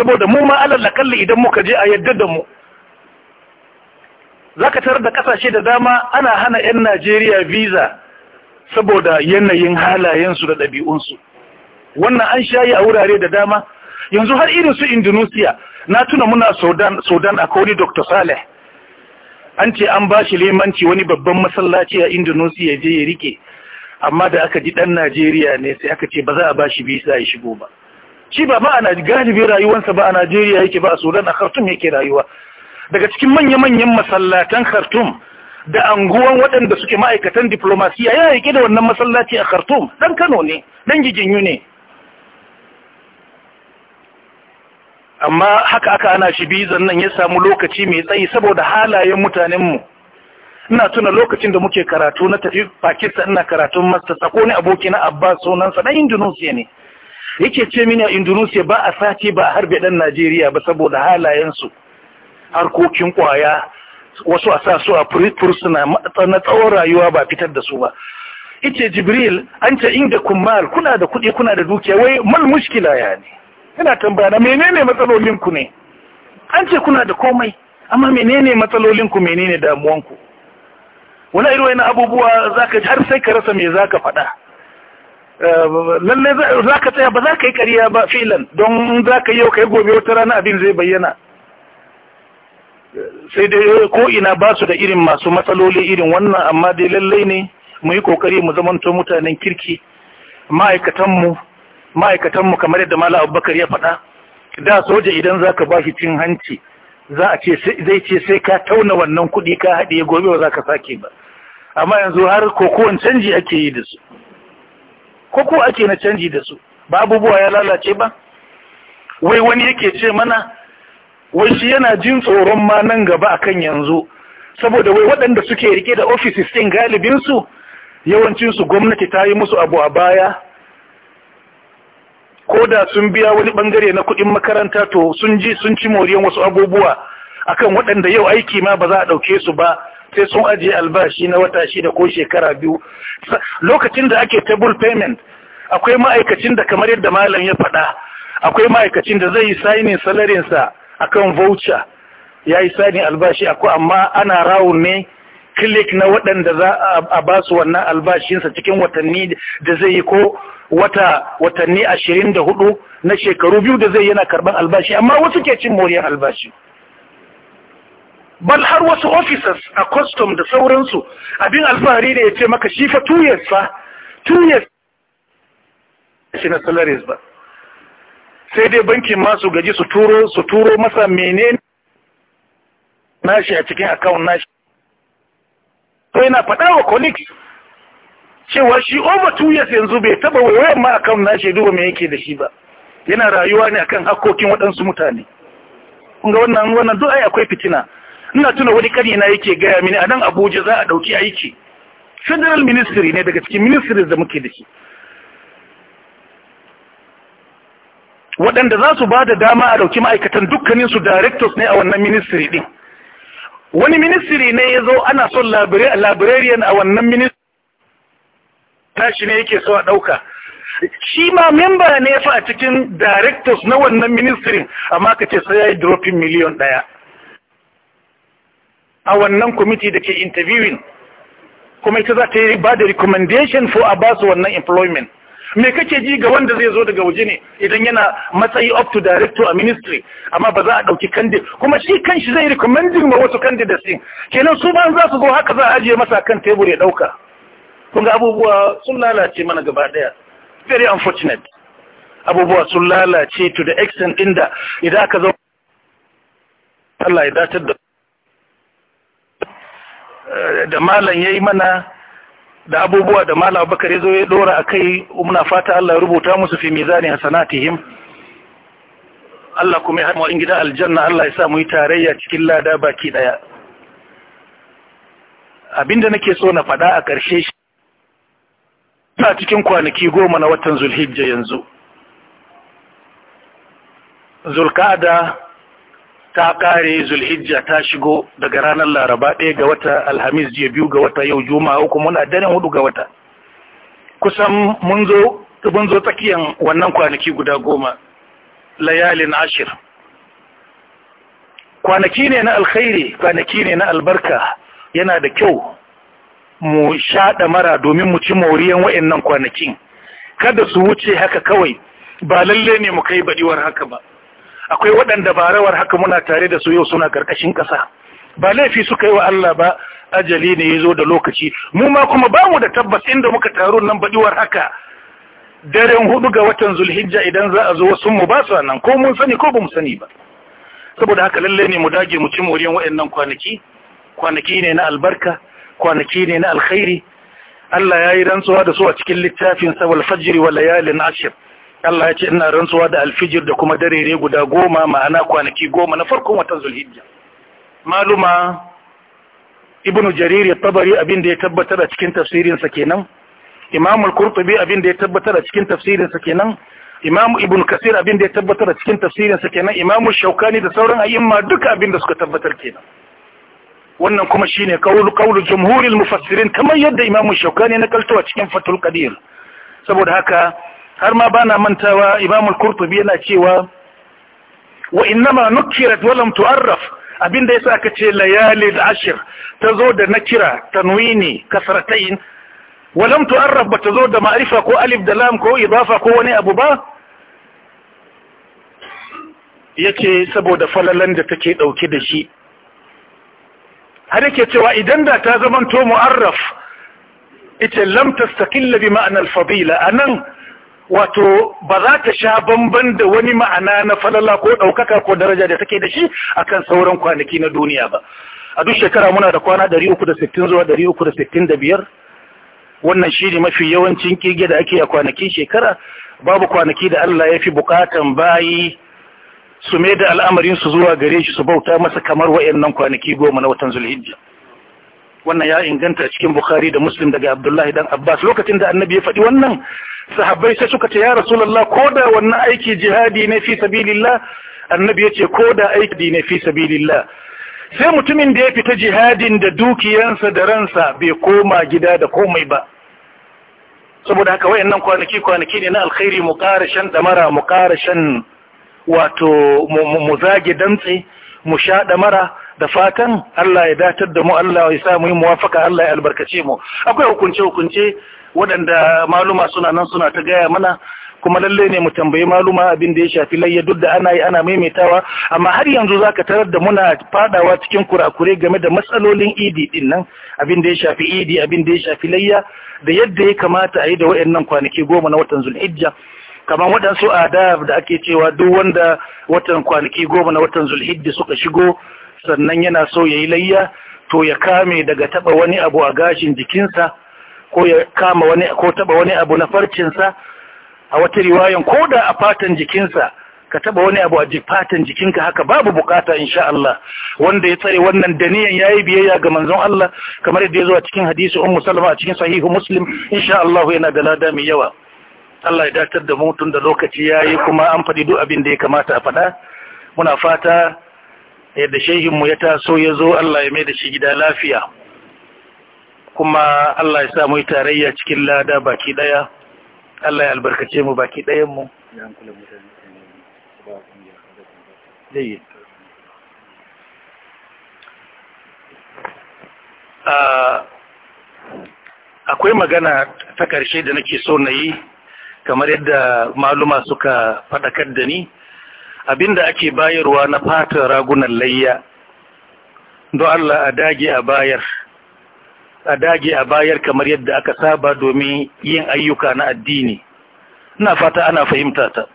saboda mu ma alal idan muka je a yadda da mu za ka tarar da ƙasashe da dama ana hana 'yan Najeriya visa saboda yanayin halayensu da ɗabi'unsu. Wannan an shayi a wurare da dama, yanzu har irin su Indonesia, na tuna muna Sudan a kori Dr. Saleh. An ce an ba shi limanci wani babban masallaci a Indonesia je ya rike, amma da aka ji ɗan Najeriya ne sai aka ce ba za a ba shi bisa ya shigo ba. Shi ba ma a ba a Najeriya yake ba a Sudan a Khartoum yake rayuwa. daga cikin manya-manyan masallatan Khartoum da anguwan waɗanda suke ma'aikatan diplomasiya ya yake da wannan masallaci a Khartoum dan Kano ne dan giginyu ne amma haka aka ana shi bi nan ya samu lokaci mai tsayi saboda halayen mutanenmu ina tuna lokacin da muke karatu na tafi Pakistan ina karatun master tsako ne aboki na Abbas sunansa dan Indonesia ne yake ce mini a Indonesia ba a sace ba a harbe ɗan Najeriya ba saboda halayensu su harkokin kwaya wasu a sa su a fursuna na tsawon rayuwa ba fitar da su ba ice jibril an ce inda mal kuna da kuɗi kuna da dukiya wai mal mushkila ya ne yana tambaya na matsalolin ku ne an ce kuna da komai amma menene ku menene ku? wani irin wani abubuwa zaka har sai ka rasa me zaka faɗa eh, lalle zaka tsaya ba zaka yi ƙarya ba filan don zaka yau kai gobe wata rana abin zai bayyana sai dai ko ina ba su da irin masu matsaloli irin wannan amma dai lallai ne mu yi kokari mu zamanto mutanen kirki ma'aikatanmu ma'aikatanmu kamar yadda Malam Abubakar ya faɗa da soja idan zaka ba shi cin hanci za a ce zai ce sai ka tauna wannan kuɗi ka haɗe gobe ba za ka sake ba amma yanzu har kokowar canji ake yi da su koko ake na canji da su ba abubuwa ya lalace ba wai wani yake ce mana wai shi yana jin tsoron ma nan gaba a kan yanzu saboda wai waɗanda suke rike da ofisis ɗin galibinsu yawancinsu gwamnati ta yi musu abu a baya ko da sun biya wani ɓangare na kuɗin makaranta to sun ji sun ci moriyan wasu abubuwa akan waɗanda yau aiki ma ba za a ɗauke su ba sai sun ajiye albashi na wata shida ko shekara biyu lokacin da ake table payment akwai ma'aikacin da kamar yadda malam ya faɗa akwai ma'aikacin da zai yi sainin salarinsa akan voucher ya yi sani albashi akwai amma ana rawun ne click na waɗanda za a ba su wannan albashinsa cikin watanni da zai yi ko wata watanni ashirin da hudu na shekaru biyu da zai yana karban albashi amma wasu ke cin moriyar albashi bal har wasu officers a custom da sauransu abin alfahari ne ya ce maka shi fa two years fa two years shi na salaries ba sai dai bankin masu gaji su turo su turo masa menene nashi a cikin account nashi to yana faɗa wa colleagues cewa shi over two years yanzu bai taba wayoyin ma account nashi duba mai yake da shi ba yana rayuwa ne akan hakokin waɗansu mutane kun ga wannan wannan duk ai akwai fitina ina tuna wani kari na yake gaya mini a nan Abuja za a ɗauki aiki federal ministry ne daga cikin ministries da muke da shi waɗanda za su ba da dama a ɗauki ma'aikatan dukkaninsu directors ne a wannan ministry ɗin wani ministry ne ya zo ana son librarian a wannan ministry tashi ne yake so a ɗauka shi ma memba ne fa a cikin directors na wannan ministry amma ka ce sai ya yi dropping miliyon ɗaya a wannan committee da ke interviewing kuma ita za ta yi ba da recommendation for a basu wannan employment me kake ji ga wanda zai zo daga waje ne idan yana matsayi up to director a ministry amma ba za a ɗauki kandid kuma shi kanshi zai recommending ma wasu candidates din kenan su ba za su zo haka za a ajiye masa kan tebur ya ɗauka kun ga abubuwa sun lalace mana gaba ɗaya very unfortunate abubuwa sun lalace to the extent inda idan aka zo Allah ya datar da eh, da malam yayi mana da abubuwa da Malam Abubakar ya zo ya dora a kai muna fata Allah rubuta musu fi mizani hasanatihim Allah kuma ya haɗa in gida aljanna Allah ya sa mu yi tarayya cikin lada baki ɗaya. Abinda nake so na faɗa a ƙarshe shi ta cikin kwanaki goma na watan Zulhijja yanzu. Zulka'ada ta kare zulhijja ta shigo daga ranar laraba ɗaya ga wata alhamis jiya biyu ga wata yau juma'a uku muna daren hudu ga wata kusan mun zo mun zo tsakiyan wannan kwanaki guda goma layalin ashir kwanaki ne na alkhairi kwanaki ne na albarka yana da kyau mu shaɗa mara domin mu ci moriyan wa'annan kwanakin kada su wuce haka kawai ba lalle ne mu kai baɗiwar haka ba akwai waɗanda ba rawar haka muna tare da su yau suna ƙarƙashin ƙasa ba laifi suka yi wa Allah ba ajali ne ya zo da lokaci mu ma kuma ba mu da tabbas inda muka taru nan baɗiwar haka daren hudu ga watan zulhijja idan za a zo wasu mu ba su nan ko mun sani ko ba mu sani ba saboda haka lalle ne mu dage mu ci moriyan waɗannan kwanaki kwanaki ne na albarka kwanaki ne na alkhairi Allah ya yi rantsuwa da su a cikin littafin sa wal fajri wa layalin ashir Allah ya ce ina rantsuwa da alfijir da kuma darere guda goma ma'ana kwanaki goma na farkon watan zulhijja maluma ibnu jarir ya tabari abin da ya tabbatar a cikin tafsirinsa kenan imam al-qurtubi abin da ya tabbatar a cikin tafsirinsa kenan imam ibn kasir abin da ya tabbatar a cikin tafsirinsa kenan imam shaukani da sauran ayyamma duka abin da suka tabbatar kenan wannan kuma shine kaulu kaulu jumhuril mufassirin kamar yadda imam shaukani na a cikin fatul qadir saboda haka har ma bana mantawa imamul kurtubi yana cewa wa innama nukirat walam tu'arraf abinda yasa aka ce layali ashir ta zo da nakira tanwini kasratain walam tu'arraf ba ta zo da ma'rifa ko alif da lam ko idafa ko wani abu ba yake saboda falalan da take dauke da shi har yake cewa idan da ta zamanto mu'arraf ita lam tastaqilla bi ma'anar fadila anan wato ba za ta sha bamban da wani ma'ana na falala ko ɗaukaka ko daraja da take da shi akan sauran kwanaki na duniya ba a duk shekara muna da kwana 360 zuwa 365 wannan shi ne mafi yawancin ƙirge da ake a kwanakin shekara babu kwanaki da Allah ya fi bukatan bayi su mai da al'amarinsu zuwa gare shi su bauta masa kamar wa'annan kwanaki goma na watan zulhijja wannan ya inganta cikin bukhari da muslim daga abdullahi dan abbas lokacin da annabi ya faɗi wannan sahabbai sai suka ce ya rasulullah ko da wannan aiki jihadi ne fi sabilillah annabi yace ko da aiki ne fi sabilillah sai mutumin da ya fita jihadin da dukiyansa da ransa bai koma gida da komai ba saboda haka wayannan kwanaki kwanaki ne na alkhairi mu damara mu wato mu zage dantse mu sha damara da fatan Allah ya datar da mu Allah ya sa mu yi muwafaka Allah ya albarkace mu akwai hukunce hukunce waɗanda maluma suna nan suna ta gaya mana kuma lalle ne mu tambayi maluma abin da ya shafi layya duk da ana yi ana maimaitawa amma har yanzu za ka tarar da muna fadawa cikin kurakure game da matsalolin idi din nan abin da ya shafi idi abin da ya shafi layya da yadda ya kamata a yi da nan kwanaki goma na watan zulhijja kamar waɗansu adab da ake cewa duk wanda watan kwanaki goma na watan zulhijja suka shigo sannan yana so ya yi layya to ya kame daga taɓa wani abu a gashin jikinsa ko ya kama wani ko taba wani abu na farcinsa a wata riwayan ko da a fatan jikinsa ka taba wani abu a fatan jikinka haka babu bukata insha Allah wanda ya tsare wannan daniyan yayi biyayya ga manzon Allah kamar yadda ya zo a cikin hadisi ummu salama a cikin sahihu muslim insha Allah yana da lada mai yawa Allah ya datar da mu tun da lokaci yayi kuma an faɗi duk abin da ya kamata a faɗa muna fata yadda mu ya taso ya zo Allah ya mai da shi gida lafiya kuma Allah ya sa mu tarayya cikin lada baki daya Allah ya albarkace mu baki dayan mu akwai magana ta ƙarshe da nake so na yi kamar yadda maluma suka faɗakar da ni abinda ake bayarwa na fatan ragunan layya don Allah a dage a bayar a dage a bayar kamar yadda aka saba domin yin ayyuka na addini ina fata ana fahimta ta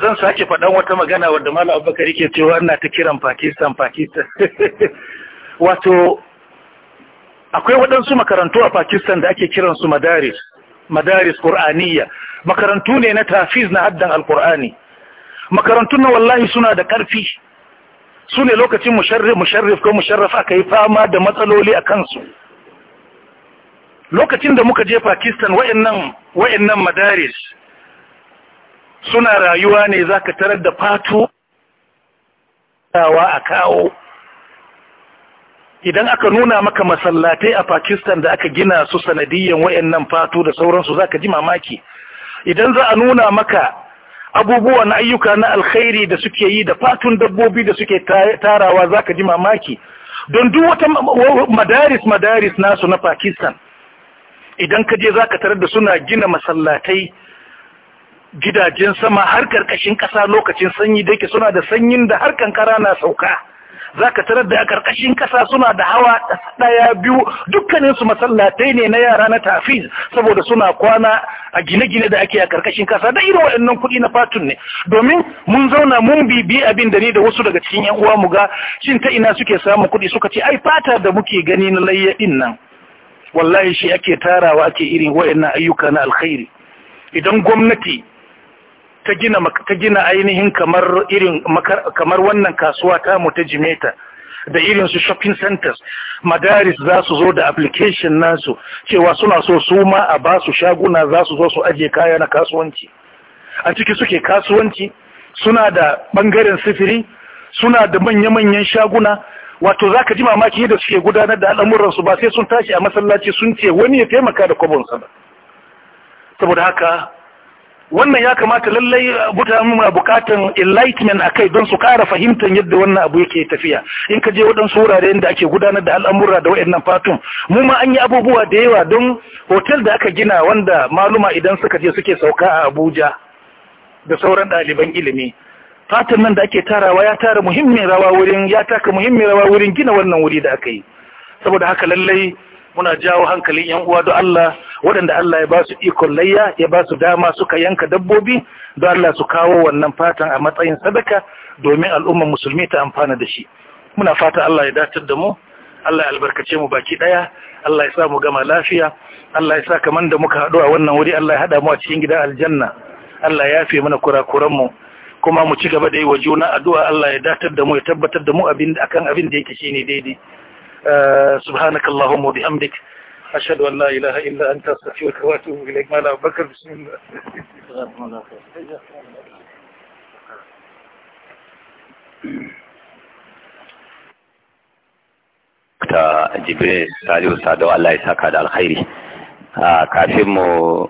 zan sake faɗan wata magana wadda malam abubakar yake cewa ina ta kiran pakistan pakistan [LAUGHS] wato akwai waɗansu makarantu a pakistan da ake kiransu madaris madaris qur'aniyya makarantu ne na tafiz na haddan alkur'ani makarantu na wallahi suna da ƙarfi su ne lokacin musharraf ko musharraf aka yi fama da matsaloli a kansu lokacin da muka je pakistan wa'annan madaris suna rayuwa ne za ka tarar da fatu a kawo idan aka nuna maka masallatai a pakistan da aka gina su sanadiyyan wa'annan fatu da sauransu za ka ji mamaki idan za a nuna maka abubuwa na ayyuka na alkhairi da suke yi da fatun dabbobi da suke tarawa zaka ji mamaki don duk wata madaris madaris nasu na Pakistan idan ka je zaka tarar da suna gina masallatai gidajen sama har karkashin ƙasa lokacin sanyi da ke suna da sanyin da har kankara na sauka zaka tarar da a ƙarƙashin ƙasa suna da hawa ɗaya biyu dukkanin masallatai ne na yara na tafiz saboda suna kwana a gine-gine da ake a ƙarƙashin ƙasa. da irin waɗannan kuɗi na fatun ne domin mun zauna mun bibi abin da ni da wasu daga cikin yan uwa mu ga shin ta ina suke samun kuɗi suka ce ai fata da muke gani na layya din nan wallahi shi ake tarawa ake irin waɗannan ayyuka na alkhairi idan gwamnati ta gina ka gina ainihin kamar irin kamar wannan kasuwa ta mu ta Jimeta da irin su shopping centers madaris za su zo da application nasu cewa suna so su ma a ba su shaguna za su zo su aje kaya na kasuwanci a ciki suke kasuwanci suna da bangaren sifiri suna da manya-manyan shaguna wato za ka ji mamaki da suke gudanar da al'amuran su ba sai sun tashi a masallaci sun ce wani ya taimaka da kwabonsa ba saboda haka wannan ya kamata lallai mutane uh, muna bukatan enlightenment kai don su kara fahimtar yadda wannan abu yake tafiya in ka je waɗansu wurare da ake gudanar da al'amura da waɗannan fatun mu ma an yi abubuwa da yawa don hotel da aka gina wanda maluma idan suka je suke sauka a Abuja da sauran ɗaliban ilimi fatan nan da ake tarawa ya tara muhimmin rawa wurin ya taka muhimmin rawa wurin gina wannan wuri da aka yi saboda haka lallai muna jawo hankalin yan uwa don Allah waɗanda Allah ya ba su ikon layya ya ba su dama suka yanka dabbobi don Allah su kawo wannan fatan a matsayin sadaka domin al'ummar musulmi ta amfana da shi muna fata Allah ya datar da mu Allah ya albarkace mu baki ɗaya Allah ya sa mu gama lafiya Allah ya sa kaman da muka haɗu a wannan wuri Allah ya haɗa mu a cikin gidan aljanna Allah ya yafe mana kurakuran mu kuma mu ci gaba da yi wa juna addu'a Allah ya datar da mu ya tabbatar da mu abin akan abin da yake shine daidai سبحانك اللهم وبحمدك أشهد أن لا إله إلا أنت أستغفرك وأتوب إليك مال أبو بكر بسم الله ta jibe salihu sado Allah ya saka da alkhairi a kafin mu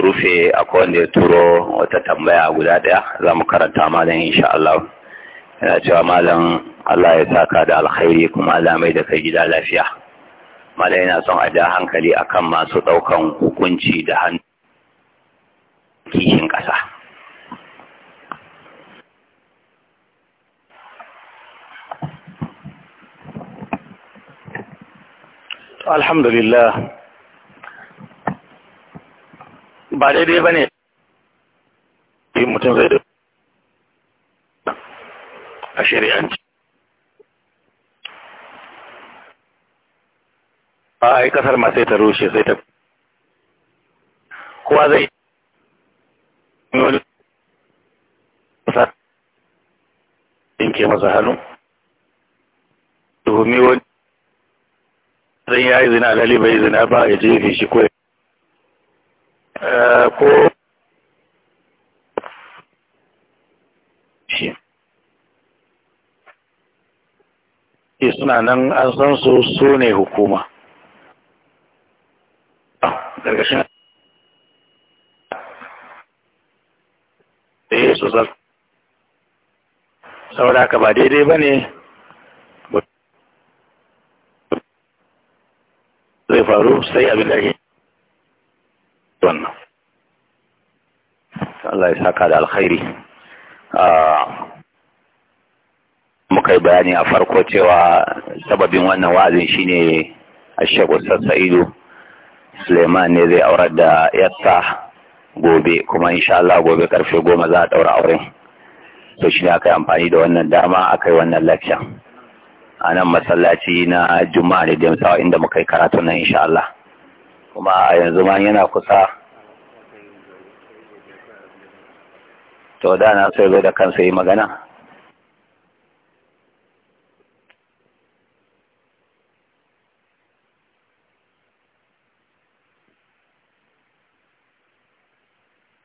rufe akwai wanda ya turo wata tambaya guda daya za mu karanta malam insha Allah yana cewa malam Allah ya saka da alkhairi kuma Allah mai da kai gida lafiya malam yana son a ja hankali akan masu ɗaukan hukunci da hannu kishin ƙasa alhamdulillah ba daidai ba ne mutum zai da a shari'anci a yi kasar ma sai ta rushe sai ta Kuwa zai yi wani kusa ke masa hannu tuhumi wani zai yayi zina lalibai zina ba ya jefe shi kuwa. suna nan an san su su ne hukuma ƙarƙashin da eh, ya saboda ka ba daidai ba ne zai faru sai abin da ke wannan Allah ya saka da alkhairi ah, muka yi bayani a farko cewa sababin wannan wa'azin shine ashekul sassa'idu suleiman ne zai aurar da yassa gobe kuma insha Allah gobe karfe goma za a daura auren to shi ne aka yi amfani da wannan dama aka yi wannan lacca a nan masallaci na juma'a da inda muka yi karatu nan insha Allah kuma a yanzu ma yana kusa to da na sai zo da kansa yi magana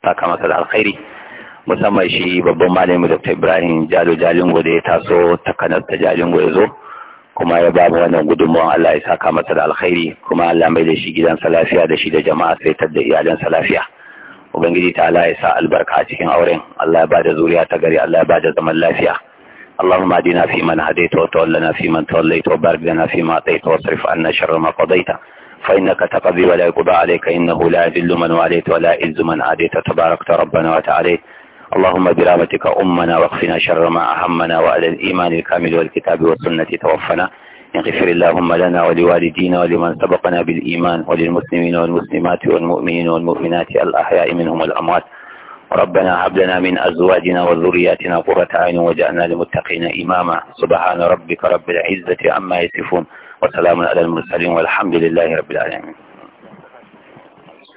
saka masa da alkhairi musamman shi babban malami dr ibrahim jalo jalingo da ya taso ta kanar ta jalingo ya zo kuma ya ba mu wannan gudunmuwan allah ya saka masa da alkhairi kuma allah mai da shi gidansa lafiya da shi da jama'a sai da iyalansa lafiya ubangiji ta allah ya sa albarka a cikin auren allah ya ba da zuriya ta gari allah ya ba da zaman lafiya اللهم اهدنا فيمن هديت وتولنا فيمن توليت وبارك لنا فيما اعطيت واصرف عنا شر ما قضيت فإنك تقضي ولا يقضى عليك إنه لا يذل من واليت ولا يعز من عاديت تباركت ربنا وتعالى اللهم برامتك أمنا واخفنا شر ما أهمنا وعلى الإيمان الكامل والكتاب والسنة توفنا اغفر اللهم لنا ولوالدينا ولمن سبقنا بالإيمان وللمسلمين والمسلمات والمؤمنين والمؤمنات الأحياء منهم الأموات ربنا عبدنا من أزواجنا وذرياتنا قرة عين وجعلنا للمتقين إماما سبحان ربك رب العزة عما يصفون wa salamun ala al-mursalin walhamdulillahi rabbil alamin